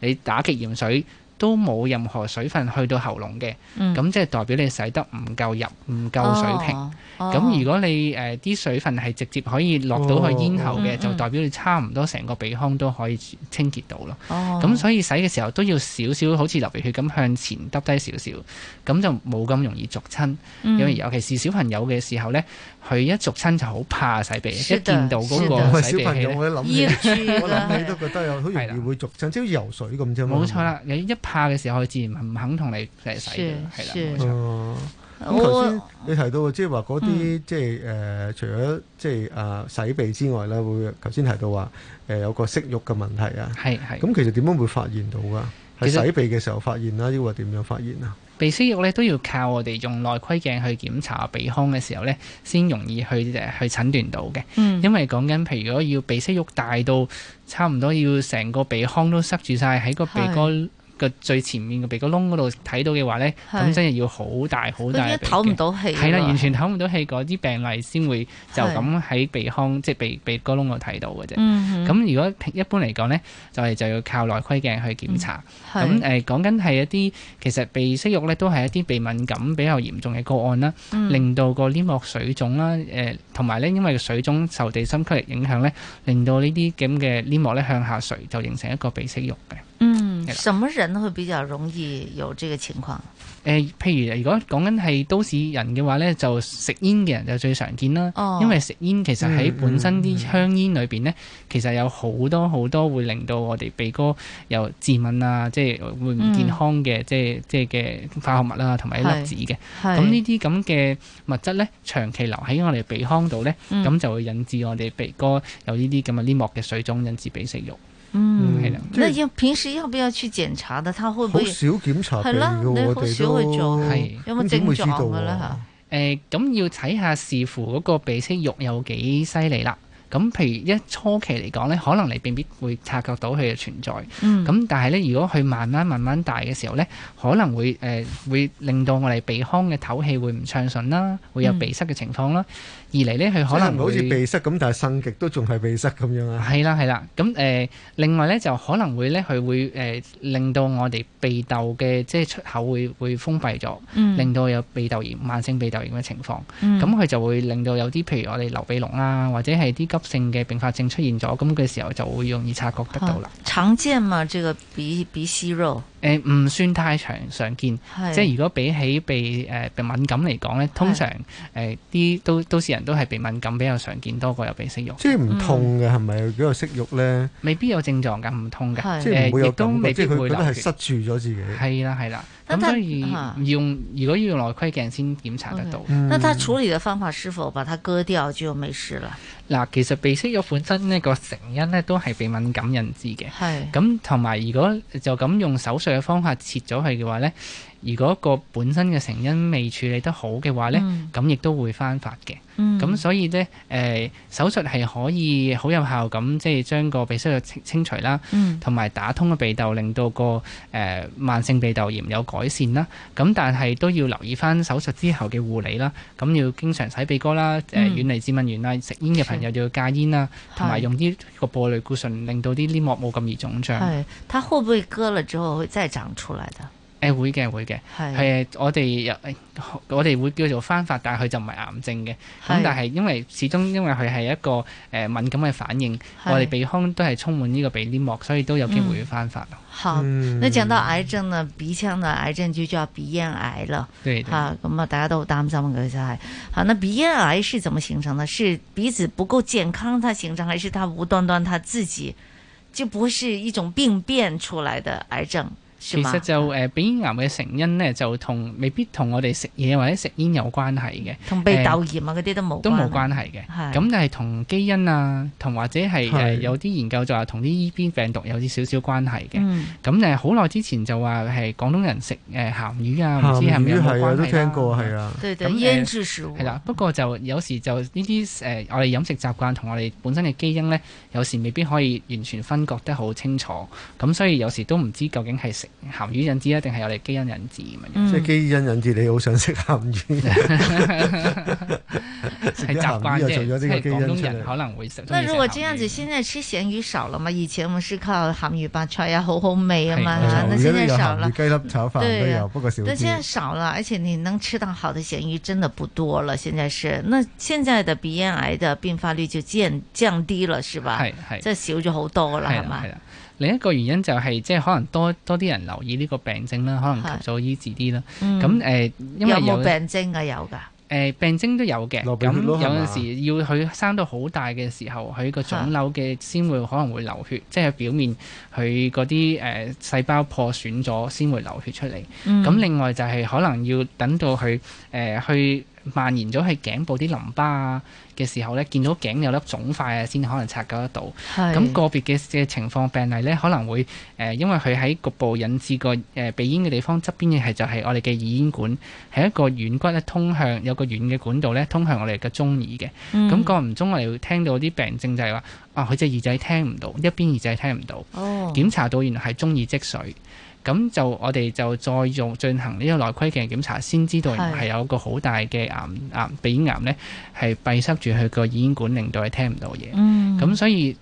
你打擊鹽水，都冇任何水分去到喉嚨嘅，咁、嗯、即係代表你洗得唔夠入，唔夠水平。咁、哦哦、如果你啲、呃、水分係直接可以落到去咽喉嘅，就代表你差唔多成個鼻腔都可以清潔到咯。咁、哦嗯嗯、所以洗嘅時候都要少少，好似流鼻血咁向前揼低少少，咁就冇咁容易俗親、嗯。因為尤其是小朋友嘅時候呢，佢一俗親就好怕洗鼻，一見到嗰個洗鼻器小朋友我一諗起 我一諗起，我諗起都覺得有好容易會俗親，即係游水咁啫嘛。冇錯啦，嗯、一。怕嘅時候，自然唔肯同你誒洗嘅，係啦。冇錯。咁頭先你提到即係話嗰啲即係誒，除咗即係啊洗鼻之外咧，會頭先提到話誒、呃、有個息肉嘅問題啊。係係。咁其實點樣會發現到啊？喺洗鼻嘅時候發現啦，抑或點樣發現啊？鼻息肉咧都要靠我哋用內窺鏡去檢查鼻腔嘅時候咧，先容易去去診斷到嘅。嗯、因為講緊，譬如如果要鼻息肉大到差唔多要成個鼻腔都塞住晒，喺個鼻哥個最前面嘅鼻哥窿嗰度睇到嘅話咧，咁真係要好大好大嘅鼻鏡，係啦，完全唞唔到氣嗰啲病例先會就咁喺鼻腔是即係鼻鼻哥窿度睇到嘅啫。咁、嗯、如果一般嚟講咧，就係就要靠內窺鏡去檢查。咁誒講緊係一啲其實鼻息肉咧都係一啲鼻敏感比較嚴重嘅個案啦、嗯，令到個黏膜水腫啦。誒同埋咧，因為水腫受地心吸力影響咧，令到呢啲咁嘅黏膜咧向下垂，就形成一個鼻息肉嘅。嗯。什麼人會比較容易有這個情況？誒、呃，譬如如果講緊係都市人嘅話咧，就食煙嘅人就最常見啦。哦，因為食煙其實喺本身啲香煙裏邊咧、嗯，其實有好多好多會令到我哋鼻哥有致敏啊，即係會唔健康嘅、嗯，即係即係嘅化學物啦、啊，同埋啲粒子嘅。咁呢啲咁嘅物質咧，長期留喺我哋鼻腔度咧，咁、嗯、就會引致我哋鼻哥有呢啲咁嘅黏膜嘅水腫，引致鼻息肉。嗯，係啦。平時要不要去檢查的，他會不會好少檢查的？係啦，你好少去做，的沒有冇症狀噶啦？誒、嗯、咁、呃、要睇下視乎嗰個鼻息肉有幾犀利啦。咁譬如一初期嚟講咧，可能你未必會察覺到佢嘅存在。咁、嗯、但係咧，如果佢慢慢慢慢大嘅時候咧，可能會誒、呃、會令到我哋鼻腔嘅透氣會唔暢順啦，會有鼻塞嘅情況啦。嗯二嚟咧，佢可能好似鼻塞咁，但係增極都仲係鼻塞咁樣啊。係啦係啦，咁誒、呃、另外咧就可能會咧佢會誒、呃、令到我哋鼻竇嘅即係出口會會封閉咗，嗯、令到有鼻竇炎、慢性鼻竇炎嘅情況。咁、嗯、佢就會令到有啲譬如我哋流鼻膿啊，或者係啲急性嘅併發症出現咗，咁嘅時候就會容易察覺得到啦。常見嘛？這個鼻鼻息肉？誒、呃、唔算太常常見，即係如果比起鼻誒、呃、敏感嚟講咧，通常誒啲、呃、都都,市人都是人都係鼻敏感比較常見多過有鼻息肉。即係唔痛嘅係咪？如、嗯、果、那個、息肉咧，未必有症狀㗎，唔痛㗎。誒亦、呃、都未必會有。即係佢覺得係塞住咗自己。係啦，係啦。咁所以用、啊、如果要用內窺鏡先檢查得到，那、okay, 他處理的方法是否把它割掉就沒事了？嗱、嗯，其實鼻息肉本身呢個成因咧都係鼻敏感人知嘅，係咁同埋如果就咁用手術嘅方法切咗佢嘅話咧。如果個本身嘅成因未處理得好嘅話咧，咁亦都會翻發嘅。咁、嗯、所以咧、呃，手術係可以好有效咁，即係將個鼻息肉清除啦，同、嗯、埋打通個鼻竇，令到個、呃、慢性鼻竇炎有改善啦。咁但係都要留意翻手術之後嘅護理啦，咁要經常洗鼻哥啦，誒遠離致敏原啦，食煙嘅朋友就要戒煙啦，同埋用啲個玻璃固醇，令到啲黏膜冇咁易腫脹。係、嗯，它會不會割了之後會再長出來的？哎、會嘅會嘅係，誒我哋又我哋會叫做翻發，但係佢就唔係癌症嘅。咁但係因為始終因為佢係一個誒、呃、敏感嘅反應，我哋鼻腔都係充滿呢個鼻黏膜，所以都有機會要翻發。吓、嗯嗯，那講到癌症呢，鼻腔嘅癌症就叫鼻咽癌啦。吓咁啊，大家都好擔心嗰個嘢。好，那鼻咽癌是怎麼形成呢？是鼻子不夠健康，它形成，還是它無端端它自己就不是一種病變出來的癌症？其實就誒鼻咽癌嘅成因咧，就同未必同我哋食嘢或者食煙有關係嘅，同鼻竇炎啊嗰啲都冇都冇關係嘅。咁就係同基因啊，同或者係、呃、有啲研究就話同啲 EB 病毒有啲少少關係嘅。咁誒好耐之前就話係廣東人食誒、呃、鹹魚啊，唔知是是有有係咪、啊、冇、啊、都聽過係啊，啊。對，對，對，啲醃製啦。不過就有時就呢啲、呃、我哋飲食習慣同我哋本身嘅基因咧，有時未必可以完全分割得好清楚。咁所以有時都唔知究竟係食。鹹魚引致一定係有你基因引致，即、嗯、係基因引致，你好想食鹹魚係習慣即係。廣、 就是、東人可能會食。那如果這樣子，現在吃鹹魚少了嗎？以前我們是靠鹹魚白菜啊，好好味啊嘛。那現在少了，都有雞粒炒飯都有不過，但現在少了，而且你能吃到好的鹹魚真的不多了。現在是，那現在的鼻咽癌的併發率就漸降低了，是吧？係係，即係少咗好多啦，係嘛？另一個原因就係、是，即係可能多多啲人留意呢個病徵啦，可能及早醫治啲啦。咁誒、呃，有冇病徵啊？有噶誒、呃，病徵都有嘅。咁有陣時要佢生到好大嘅時候，佢個腫瘤嘅先會可能會流血，是即係表面佢嗰啲誒細胞破損咗先會流血出嚟。咁、嗯、另外就係可能要等到佢誒、呃、去。蔓延咗喺頸部啲淋巴啊嘅時候咧，見到頸有粒腫塊啊，先可能察覺得到。咁、那個別嘅嘅情況病例咧，可能會、呃、因為佢喺局部引致個誒鼻咽嘅地方側邊嘅係就係我哋嘅耳咽管，係一個軟骨咧通向有個軟嘅管道咧通向我哋嘅中耳嘅。咁過唔中我哋會聽到啲病症就係話，啊佢隻耳仔聽唔到，一邊耳仔聽唔到、哦。檢查到原來係中耳積水。咁就我哋就再用進行呢個內窺鏡檢查，先知道係有個好大嘅癌癌鼻咽癌咧，係閉塞住佢個耳管，令到佢聽唔到嘢。咁、嗯、所以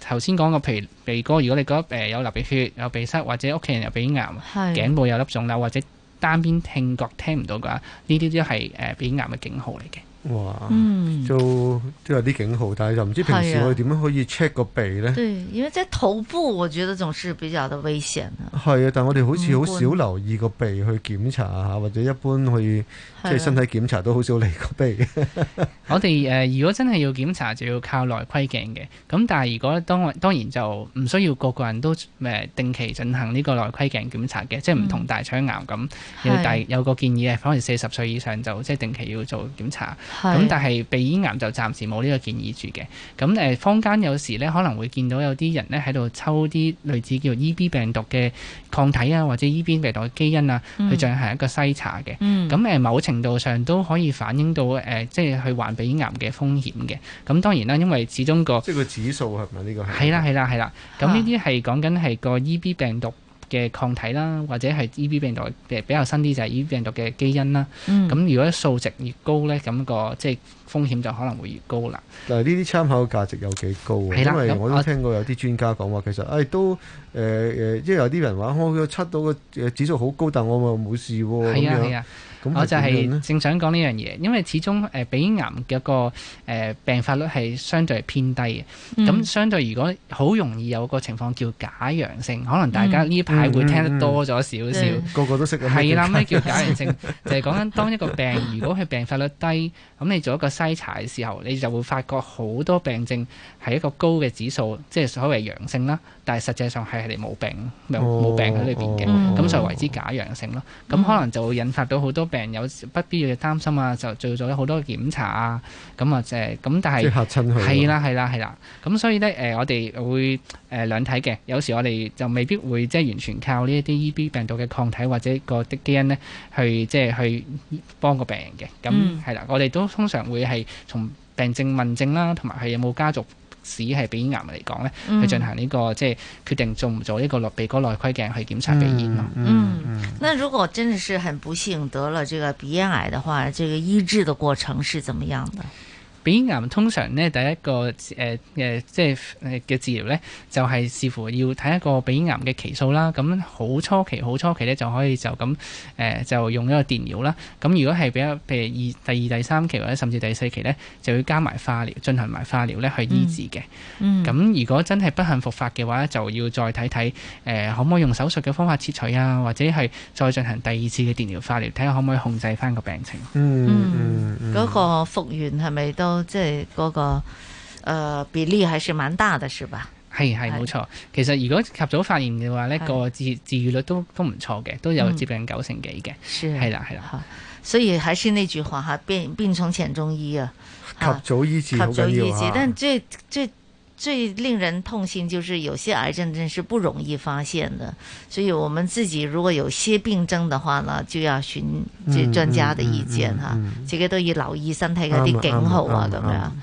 頭先講個譬如鼻哥，如果你覺得有流鼻血、有鼻塞，或者屋企人有鼻咽癌、頸部有粒腫瘤，或者單邊聽覺聽唔到嘅話，呢啲都係誒、呃、鼻咽癌嘅警號嚟嘅。哇，嗯，做都都有啲警號，但係就唔知平時我哋點樣可以 check 個鼻咧？對，因為即係頭部，我覺得總是比較嘅危險啊。係啊，但係我哋好似好少留意個鼻去檢查吓，嗯、或者一般去的即係身體檢查都好少嚟個鼻。 我哋誒、呃，如果真係要檢查，就要靠內窺鏡嘅。咁但係如果當當然就唔需要個個人都誒定期進行呢個內窺鏡檢查嘅，嗯、即係唔同大腸癌咁的有第有個建議係，可能四十歲以上就即係定期要做檢查。咁、嗯、但係鼻咽癌就暫時冇呢個建議住嘅。咁誒，坊間有時咧可能會見到有啲人咧喺度抽啲類似叫做 EB 病毒嘅抗體啊，或者 EB 病毒嘅基因啊，嗯、去進行一個篩查嘅。咁、嗯、某程度上都可以反映到、呃、即係去患鼻咽癌嘅風險嘅。咁當然啦，因為始終個即係、這個指數係咪呢個係？係啦，係啦，係啦。咁呢啲係講緊係個 EB 病毒。嘅抗體啦，或者係 E B 病毒誒比較新啲，就係 E B 病毒嘅基因啦。咁、嗯、如果數值越高咧，咁、咁個即係風險就可能會越高啦。嗱，呢啲參考價值有幾高啊？因為我都聽過有啲專家講話、嗯，其實誒都誒誒，即、呃、係有啲人話，我我出到個誒指數好高，但我咪冇事喎。係啊係啊。是我就係正想講呢樣嘢，因為始終誒鼻、呃、癌嘅一個、呃、病發率係相對偏低嘅。咁、嗯、相對如果好容易有個情況叫假陽性，嗯、可能大家呢排會聽得多咗、嗯嗯嗯、少少。個個都識係啦，咩叫假陽性？ 就係講緊當一個病如果佢病發率低，咁你做一個篩查嘅時候，你就會發覺好多病症係一個高嘅指數，即係所謂陽性啦。但係實際上係佢哋冇病，冇病喺裏邊嘅，咁、哦、就、哦、為之假陽性咯。咁、嗯、可能就會引發到好多病人有不必要嘅擔心啊、嗯，就做咗好多檢查啊。咁啊、就係，誒，咁但係係啦，係啦，係啦。咁所以咧，誒、呃，我哋會誒、呃、兩睇嘅。有時我哋就未必會即係完全靠呢一啲 EB 病毒嘅抗體或者個 DNA 咧，去即係去幫個病人嘅。咁係啦，我哋都通常會係從病症、問症啦，同埋係有冇家族。只係鼻咽癌嚟講咧，去進行呢、這個、嗯、即係決定做唔做呢個鼻內鼻哥內窺鏡去檢查鼻咽咯、嗯嗯嗯。嗯，那如果真的是很不幸得了這個鼻咽癌的話，這個醫治的過程是怎麼樣的？鼻咽癌通常咧第一個誒誒、呃呃、即係嘅、呃、治療咧，就係、是、視乎要睇一個鼻咽癌嘅期數啦。咁好初期好初期咧就可以就咁誒、呃、就用一個電療啦。咁如果係比較譬如二第二第三期或者甚至第四期咧，就要加埋化療進行埋化療咧去醫治嘅。嗯。咁、嗯、如果真係不幸復發嘅話，就要再睇睇誒可唔可以用手術嘅方法切取啊，或者係再進行第二次嘅電療化療，睇下可唔可以控制翻個病情。嗯嗯嗯。嗰、嗯，那個復原係咪都？即係嗰個誒、呃、比例，還是蠻大的，是吧？係係冇錯，其實如果及早發現嘅話，呢、那個治治愈率都都唔錯嘅，都有接近九成幾嘅，係啦係啦。所以還是那句話吓，病病向淺中醫啊，及早醫治好緊要啊。但最最最令人痛心就是有些癌症真是不容易發現的，所以我們自己如果有些病症的話呢，就要尋這專家的意見哈，這個都要留意身體嗰啲警號啊，咁、嗯、樣。嗯嗯嗯嗯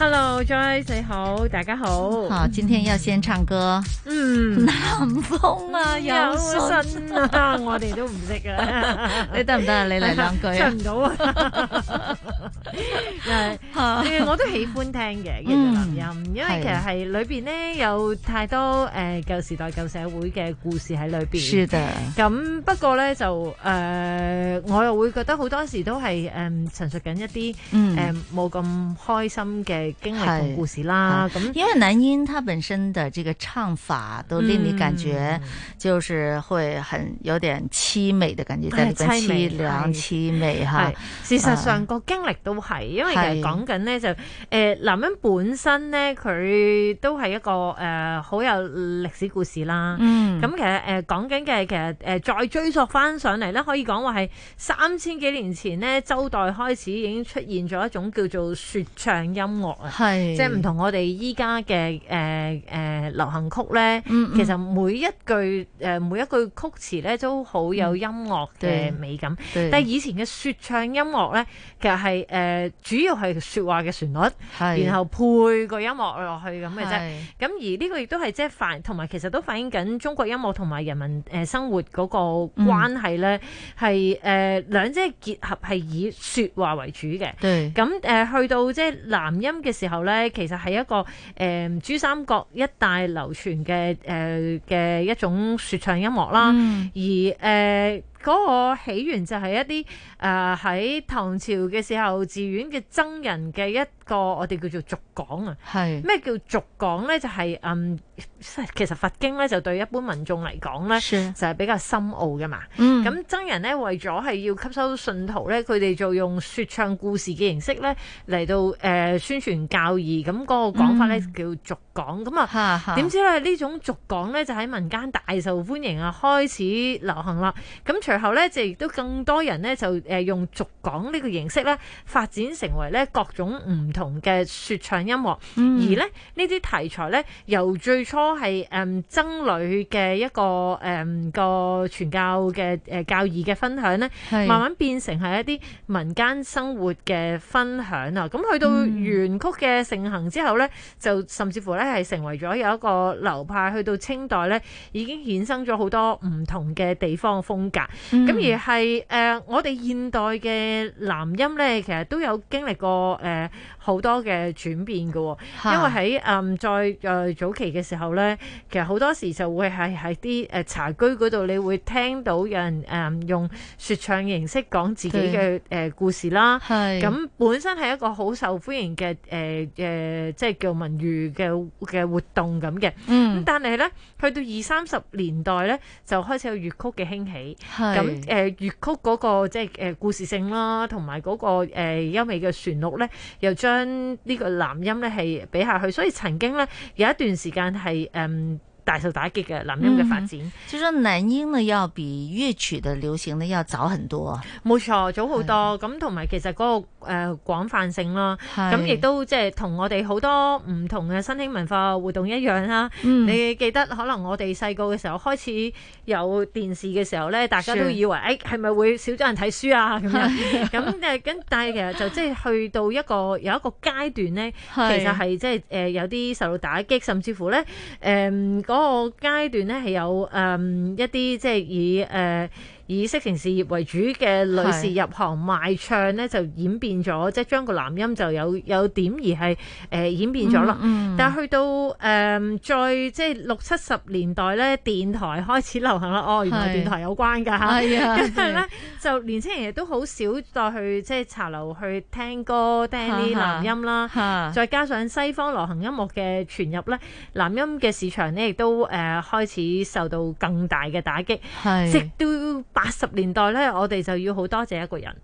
Hello，Joyce，你好，大家好。好，今天要先唱歌。嗯，南風啊，有信啊，我哋都唔識嘅。你得唔得啊？你嚟兩句。唱唔到啊！係，我都喜歡聽嘅，粵南音，因為其實係裏邊咧有太多誒舊時代、舊社會嘅故事喺裏邊。是的。咁不過咧就誒，我又會覺得好多時都係誒陳述緊一啲誒冇咁開心嘅，經歷同故事啦，咁、啊、因為南音他本身的這個唱法都令你感覺，就是會很有點淒美的感覺，係、嗯、淒美，淒美吓、啊。事實上個經歷都係、啊，因為其實講緊咧就，誒、呃，南音本身咧佢都係一個誒好、呃、有歷史故事啦。咁、嗯、其實誒、呃、講緊嘅其實誒、呃、再追溯翻上嚟咧，可以講話係三千幾年前呢周代開始已經出現咗一種叫做說唱音樂。係，即係唔同我哋依家嘅誒誒流行曲咧、嗯嗯，其實每一句誒、呃、每一句曲詞咧都好有音樂嘅美感。嗯、對對，但係以前嘅說唱音樂咧，其實係誒、呃、主要係說話嘅旋律，然後配個音樂落去咁嘅啫。咁而呢個亦都係即係反同埋其實都反映緊中國音樂同埋人民誒生活嗰個關係咧，係誒兩者結合係以說話為主嘅。咁誒、呃、去到即係南音。嘅時候咧，其實係一個誒，珠、呃、三角一帶流傳嘅誒嘅一種説唱音樂啦，嗯、而誒。呃嗰、那個起源就係一啲誒喺唐朝嘅時候寺院嘅僧人嘅一個我哋叫做俗講啊，係咩叫俗講呢？就係、是、嗯，其實佛經呢，就對一般民眾嚟講呢，就係、是、比較深奧㗎嘛。咁、嗯、僧人呢，為咗係要吸收信徒呢，佢哋就用説唱故事嘅形式呢嚟到、呃、宣傳教義。咁、那、嗰個講法呢，嗯、叫俗講。咁啊，點 知咧呢種俗講呢，就喺民間大受歡迎啊，開始流行啦。咁。隨後咧就亦都更多人呢，就誒用俗講呢個形式咧發展成為咧各種唔同嘅說唱音樂、嗯，而呢呢啲題材咧由最初係誒僧侶嘅一個誒、嗯、個傳教嘅誒教義嘅分享咧，慢慢變成係一啲民間生活嘅分享啊，咁去到元曲嘅盛行之後咧、嗯，就甚至乎咧係成為咗有一個流派，去到清代咧已經衍生咗好多唔同嘅地方風格。咁、嗯、而係、呃、我哋現代嘅南音咧，其實都有經歷過好、呃、多嘅轉變喎、哦。因為喺在再、呃呃、早期嘅時候咧，其實好多時就會係喺啲茶居嗰度，你會聽到有人、呃、用説唱形式講自己嘅、呃、故事啦。咁本身係一個好受歡迎嘅、呃呃、即係叫文娛嘅嘅活動咁嘅。咁、嗯、但係咧，去到二三十年代咧，就開始有粵曲嘅興起。咁誒，粵、呃、曲嗰、那個即係誒故事性啦，同埋嗰個誒、呃、優美嘅旋律咧，又將呢個南音咧係比下去，所以曾經咧有一段時間係誒、呃、大受打擊嘅南音嘅發展。即、嗯、係南音咧，要比粵曲嘅流行咧，要早很多啊！冇錯，早好多。咁同埋其實嗰、那個誒、呃、廣泛性啦，咁亦都即係同我哋好多唔同嘅新興文化活動一樣啦。嗯、你記得可能我哋細個嘅時候開始。有電視嘅時候咧，大家都以為誒係咪會少咗人睇書啊？咁樣咁誒，咁 但係其實就即係去到一個有一個階段咧， 其實係即係誒、呃、有啲受到打擊，甚至乎咧誒嗰個階段咧係有誒、呃、一啲即係以誒。呃以色情事業為主嘅女士入行賣唱咧，就演變咗，即係將個南音就有有點而係誒演變咗啦、嗯嗯。但係去到誒、嗯、再即係六七十年代咧，電台開始流行啦。哦，原來電台有關㗎嚇。係啊，跟住咧，就年輕人亦都好少再去即係茶樓去聽歌聽啲南音啦。再加上西方流行音樂嘅傳入咧，南音嘅市場咧亦都誒、呃、開始受到更大嘅打擊，直到，八十年代咧，我哋就要好多謝一個人，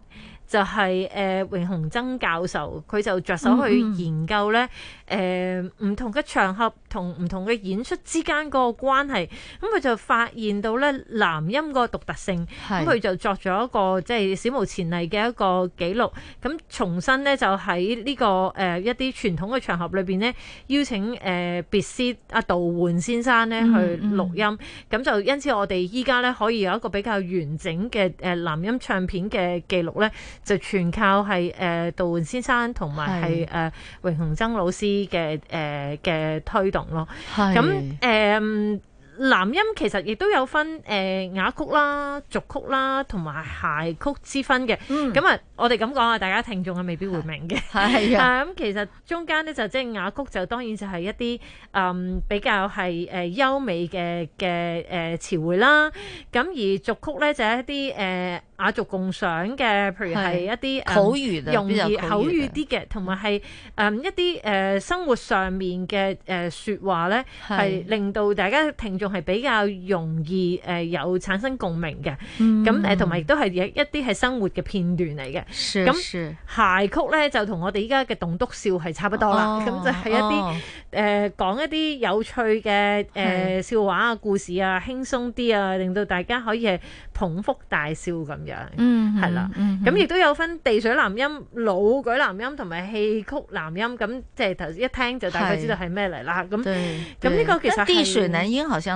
就係誒榮鴻曾教授，佢就着手去研究咧，誒、嗯、唔、嗯，呃，唔同嘅場合。不同唔同嘅演出之間個關係，係。咁佢就發現到咧南音個獨特性，咁佢就作咗一個即係、就是、史無前例嘅一個記錄，咁重新咧就喺呢、這個誒、呃、一啲傳統嘅場合裏邊咧，邀請誒別斯阿杜煥先生咧去錄音。咁、嗯嗯、就因此我哋依家咧可以有一個比較完整嘅誒南音唱片嘅記錄咧，就全靠係誒、呃、杜煥先生同埋係誒榮鴻曾老師嘅誒嘅推動。咯，咁誒。南音其實亦都有分誒、呃、雅曲啦、俗曲啦，同埋諧曲之分嘅。咁、嗯、啊，我哋咁講啊，大家聽眾係未必會明嘅。係啊，咁、嗯、其實中間咧就即、是、係雅曲就當然就係一啲誒、嗯、比較係誒優美嘅嘅誒詞彙啦。咁而俗曲咧就係、是、一啲誒、呃、雅俗共賞嘅，譬如係一啲、嗯、口語容易口語啲嘅，同埋係誒一啲誒、呃、生活上面嘅誒、呃、說話咧，係令到大家聽眾。仲係比較容易誒、呃、有產生共鳴嘅，咁誒同埋亦都係一啲係生活嘅片段嚟嘅。咁諧曲咧，就同我哋依家嘅棟篤笑係差不多啦，咁、哦、就係一啲誒講一啲有趣嘅誒、呃、笑話啊、故事啊，輕鬆啲啊，令到大家可以係捧腹大笑咁樣，嗯，係啦。咁亦都有分地水南音、嗯、老舉南音同埋戲曲南音，咁即係頭一聽就大概知道係咩嚟啦。咁咁呢個其實一地水南音好像。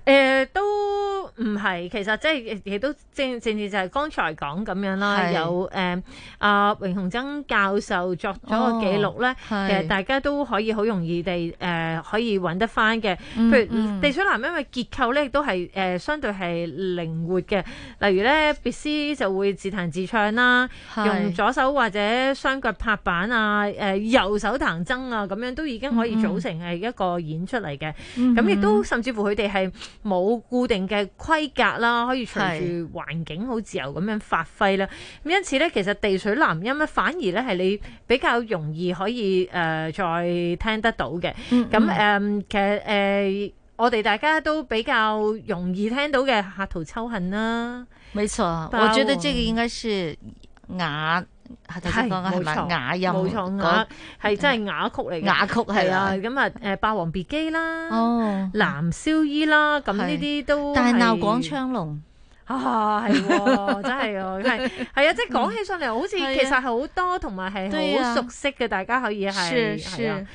誒、呃，都唔係，其實即係亦都正正，正正就係剛才講咁樣啦。有誒阿榮鴻曾教授作咗個記錄咧，其、哦、實、呃、大家都可以好容易地誒、呃、可以搵得返嘅。譬如地水南，因為結構咧亦都係誒、呃、相對係靈活嘅。例如咧，瞽師，就會自彈自唱啦，用左手或者雙腳拍板啊，誒、呃、右手彈箏啊，咁樣都已經可以組成係一個演出嚟嘅。咁、嗯、亦、嗯、都甚至乎佢哋係冇固定嘅規格啦，可以隨住環境好自由咁樣發揮啦。咁因此咧，其實地水南音咧，反而咧係你比較容易可以誒、呃、再聽得到嘅。咁、嗯、誒、呃，其實誒、呃，我哋大家都比較容易聽到嘅客途秋恨啦。冇錯，我覺得這個應該是雅。係，冇錯，雅音，冇錯，係、那個、真係雅曲嚟嘅。雅曲係啊，咁啊，誒，霸王別姬啦，哦，男燒衣啦，咁呢啲都大鬧廣昌隆，啊，係，真係，係係啊，即係講起上嚟，好似其實好多同埋係好熟悉嘅、啊，大家可以係係啊，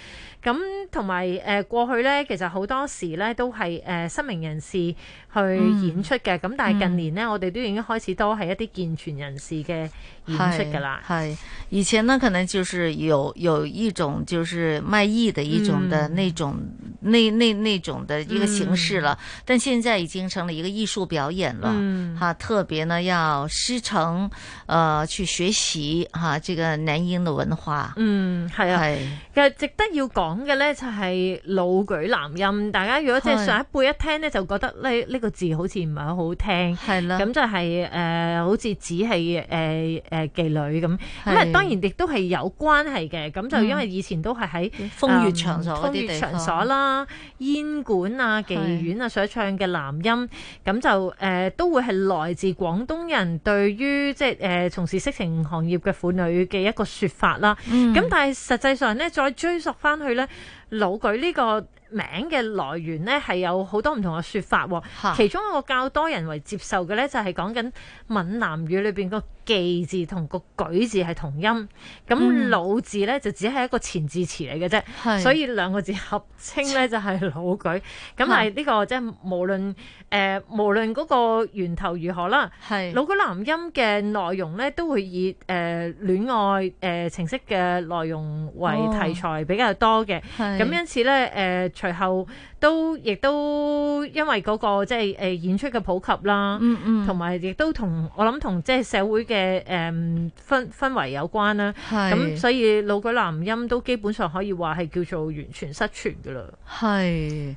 咁同埋誒過去咧，其實好多時咧都係誒失明人士。去演出嘅，咁、嗯、但係近年咧、嗯，我哋都已經開始多係一啲健全人士嘅演出噶啦。係，以前咧可能就是有有一種就是賣藝的一種的那種、嗯、那那那，那種的一個形式啦、嗯，但現在已經成了一個藝術表演了嗯，吓、啊、特別呢要師承，呃，去學習哈、啊，這個南音的文化。嗯，係啊是。其實值得要講嘅咧就係、是、老舉南音，大家如果即係上一輩一聽咧，就覺得呢呢。個字好似唔係好好聽，係啦，咁就係、是、誒、呃，好似只係誒誒妓女咁。咁啊，當然亦都係有關係嘅。咁就因為以前都係喺風月場所嗰、嗯、月場所嗰啲地方啦，煙館啊、妓院啊所唱嘅南音，咁就誒、呃、都會係來自廣東人對於即係誒從事色情行業嘅婦女嘅一個說法啦。咁、嗯、但係實際上咧，再追溯翻去咧，老舉呢、這個，名嘅來源呢，係有好多唔同嘅說法，其中一個較多人為接受嘅呢，就係講緊閩南語裏邊個。記字和舉字同個舉字係同音，咁老字咧就只係一個前置詞嚟嘅啫，所以兩個字合稱咧就係、是、老舉，咁係呢個即係無論誒、呃、無論個源頭如何啦，係老舉南音嘅內容咧都會以誒戀、呃、愛誒情色嘅內容為題材比較多嘅，咁、哦、因此咧誒隨後都亦都因為、嗰個即係誒演出嘅普及啦，嗯嗯，同埋亦都同我諗同即係社會嘅。嘅誒氛氛圍有關啦，咁所以老舉南音都基本上可以話係叫做完全失傳㗎喇，係。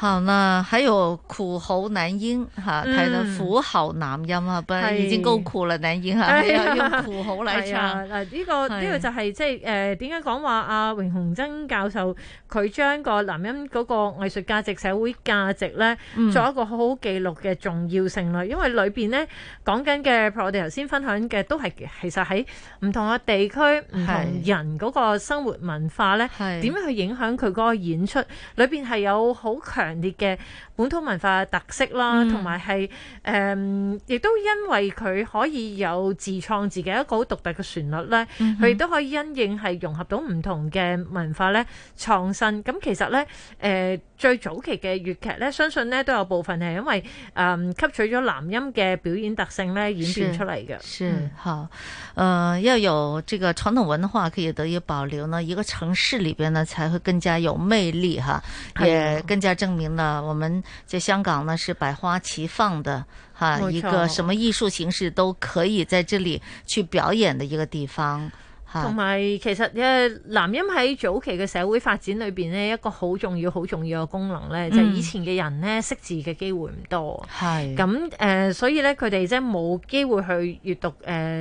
行嗱，喺度酷喉男難英吓，睇到苦喉南音啊，不然已經夠苦啦，男英吓，要用苦喉嚟唱。呢個呢個就係即係誒，點解講話阿榮鴻曾教授佢將個南音嗰個藝術價值、社會價值咧，做一個好好記錄嘅重要性啦，嗯。因為裏邊咧講緊嘅，譬如我哋頭先分享嘅，都係其實喺唔同嘅地區、唔同人嗰個生活文化咧，點樣去影響佢嗰個演出，裏邊係有好強。強烈嘅本土文化特色啦，同埋係誒，亦都因為佢可以有自創自己一個好獨特嘅旋律咧，佢、嗯、亦都可以因應係融合到唔同嘅文化咧，創新。咁其實咧，誒、呃。最早期嘅粵劇咧，相信呢都有部分係因為、嗯、吸取咗南音嘅表演特性咧演變出嚟嘅。是，是好、呃、要有這個傳統文化可以得以保留呢，一個城市裏面呢，才會更加有魅力哈，也更加證明呢。我們在香港呢是百花齊放的哈，一個什麼藝術形式都可以在這裏去表演嘅一個地方。同埋，其實誒南音喺早期嘅社會發展裏邊咧，一個好重要、好重要嘅功能咧，就係以前嘅人咧識字嘅機會唔多、嗯，係咁誒，所以咧佢哋即係冇機會去閱讀誒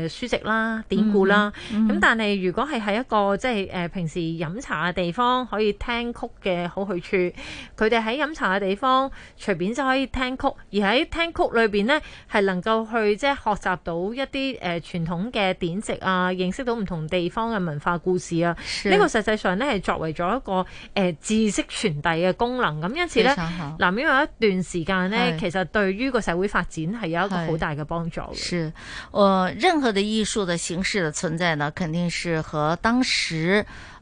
書籍啦、典故啦。咁、嗯嗯、但係如果係喺一個即係誒平時飲茶嘅地方，可以聽曲嘅好去處，佢哋喺飲茶嘅地方隨便就可以聽曲，而喺聽曲裏邊咧係能夠去即係學習到一啲誒傳統嘅典籍啊，認識到唔同地方。地方嘅文化故事啊，呢、這個實際上咧係作為咗一個誒、呃、知識傳遞嘅功能，咁因此咧，南音有一段時間咧，其實對於個社會發展係有一個好大嘅幫助嘅。是，誒、呃，任何的藝術的形式的存在呢，肯定是和當時。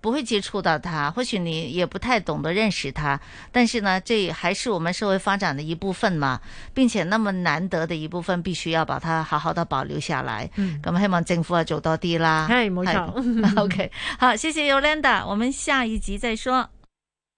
不會接觸到他，或許你也不太懂得認識他，但是呢，這還是我們社會發展的一部分嘛，並且那麼難得的一部分，必須要把它好好的保留下來。嗯，咁希望政府啊做多啲啦。係，冇錯。OK， 好，謝謝 Yolanda，我們下一集再說。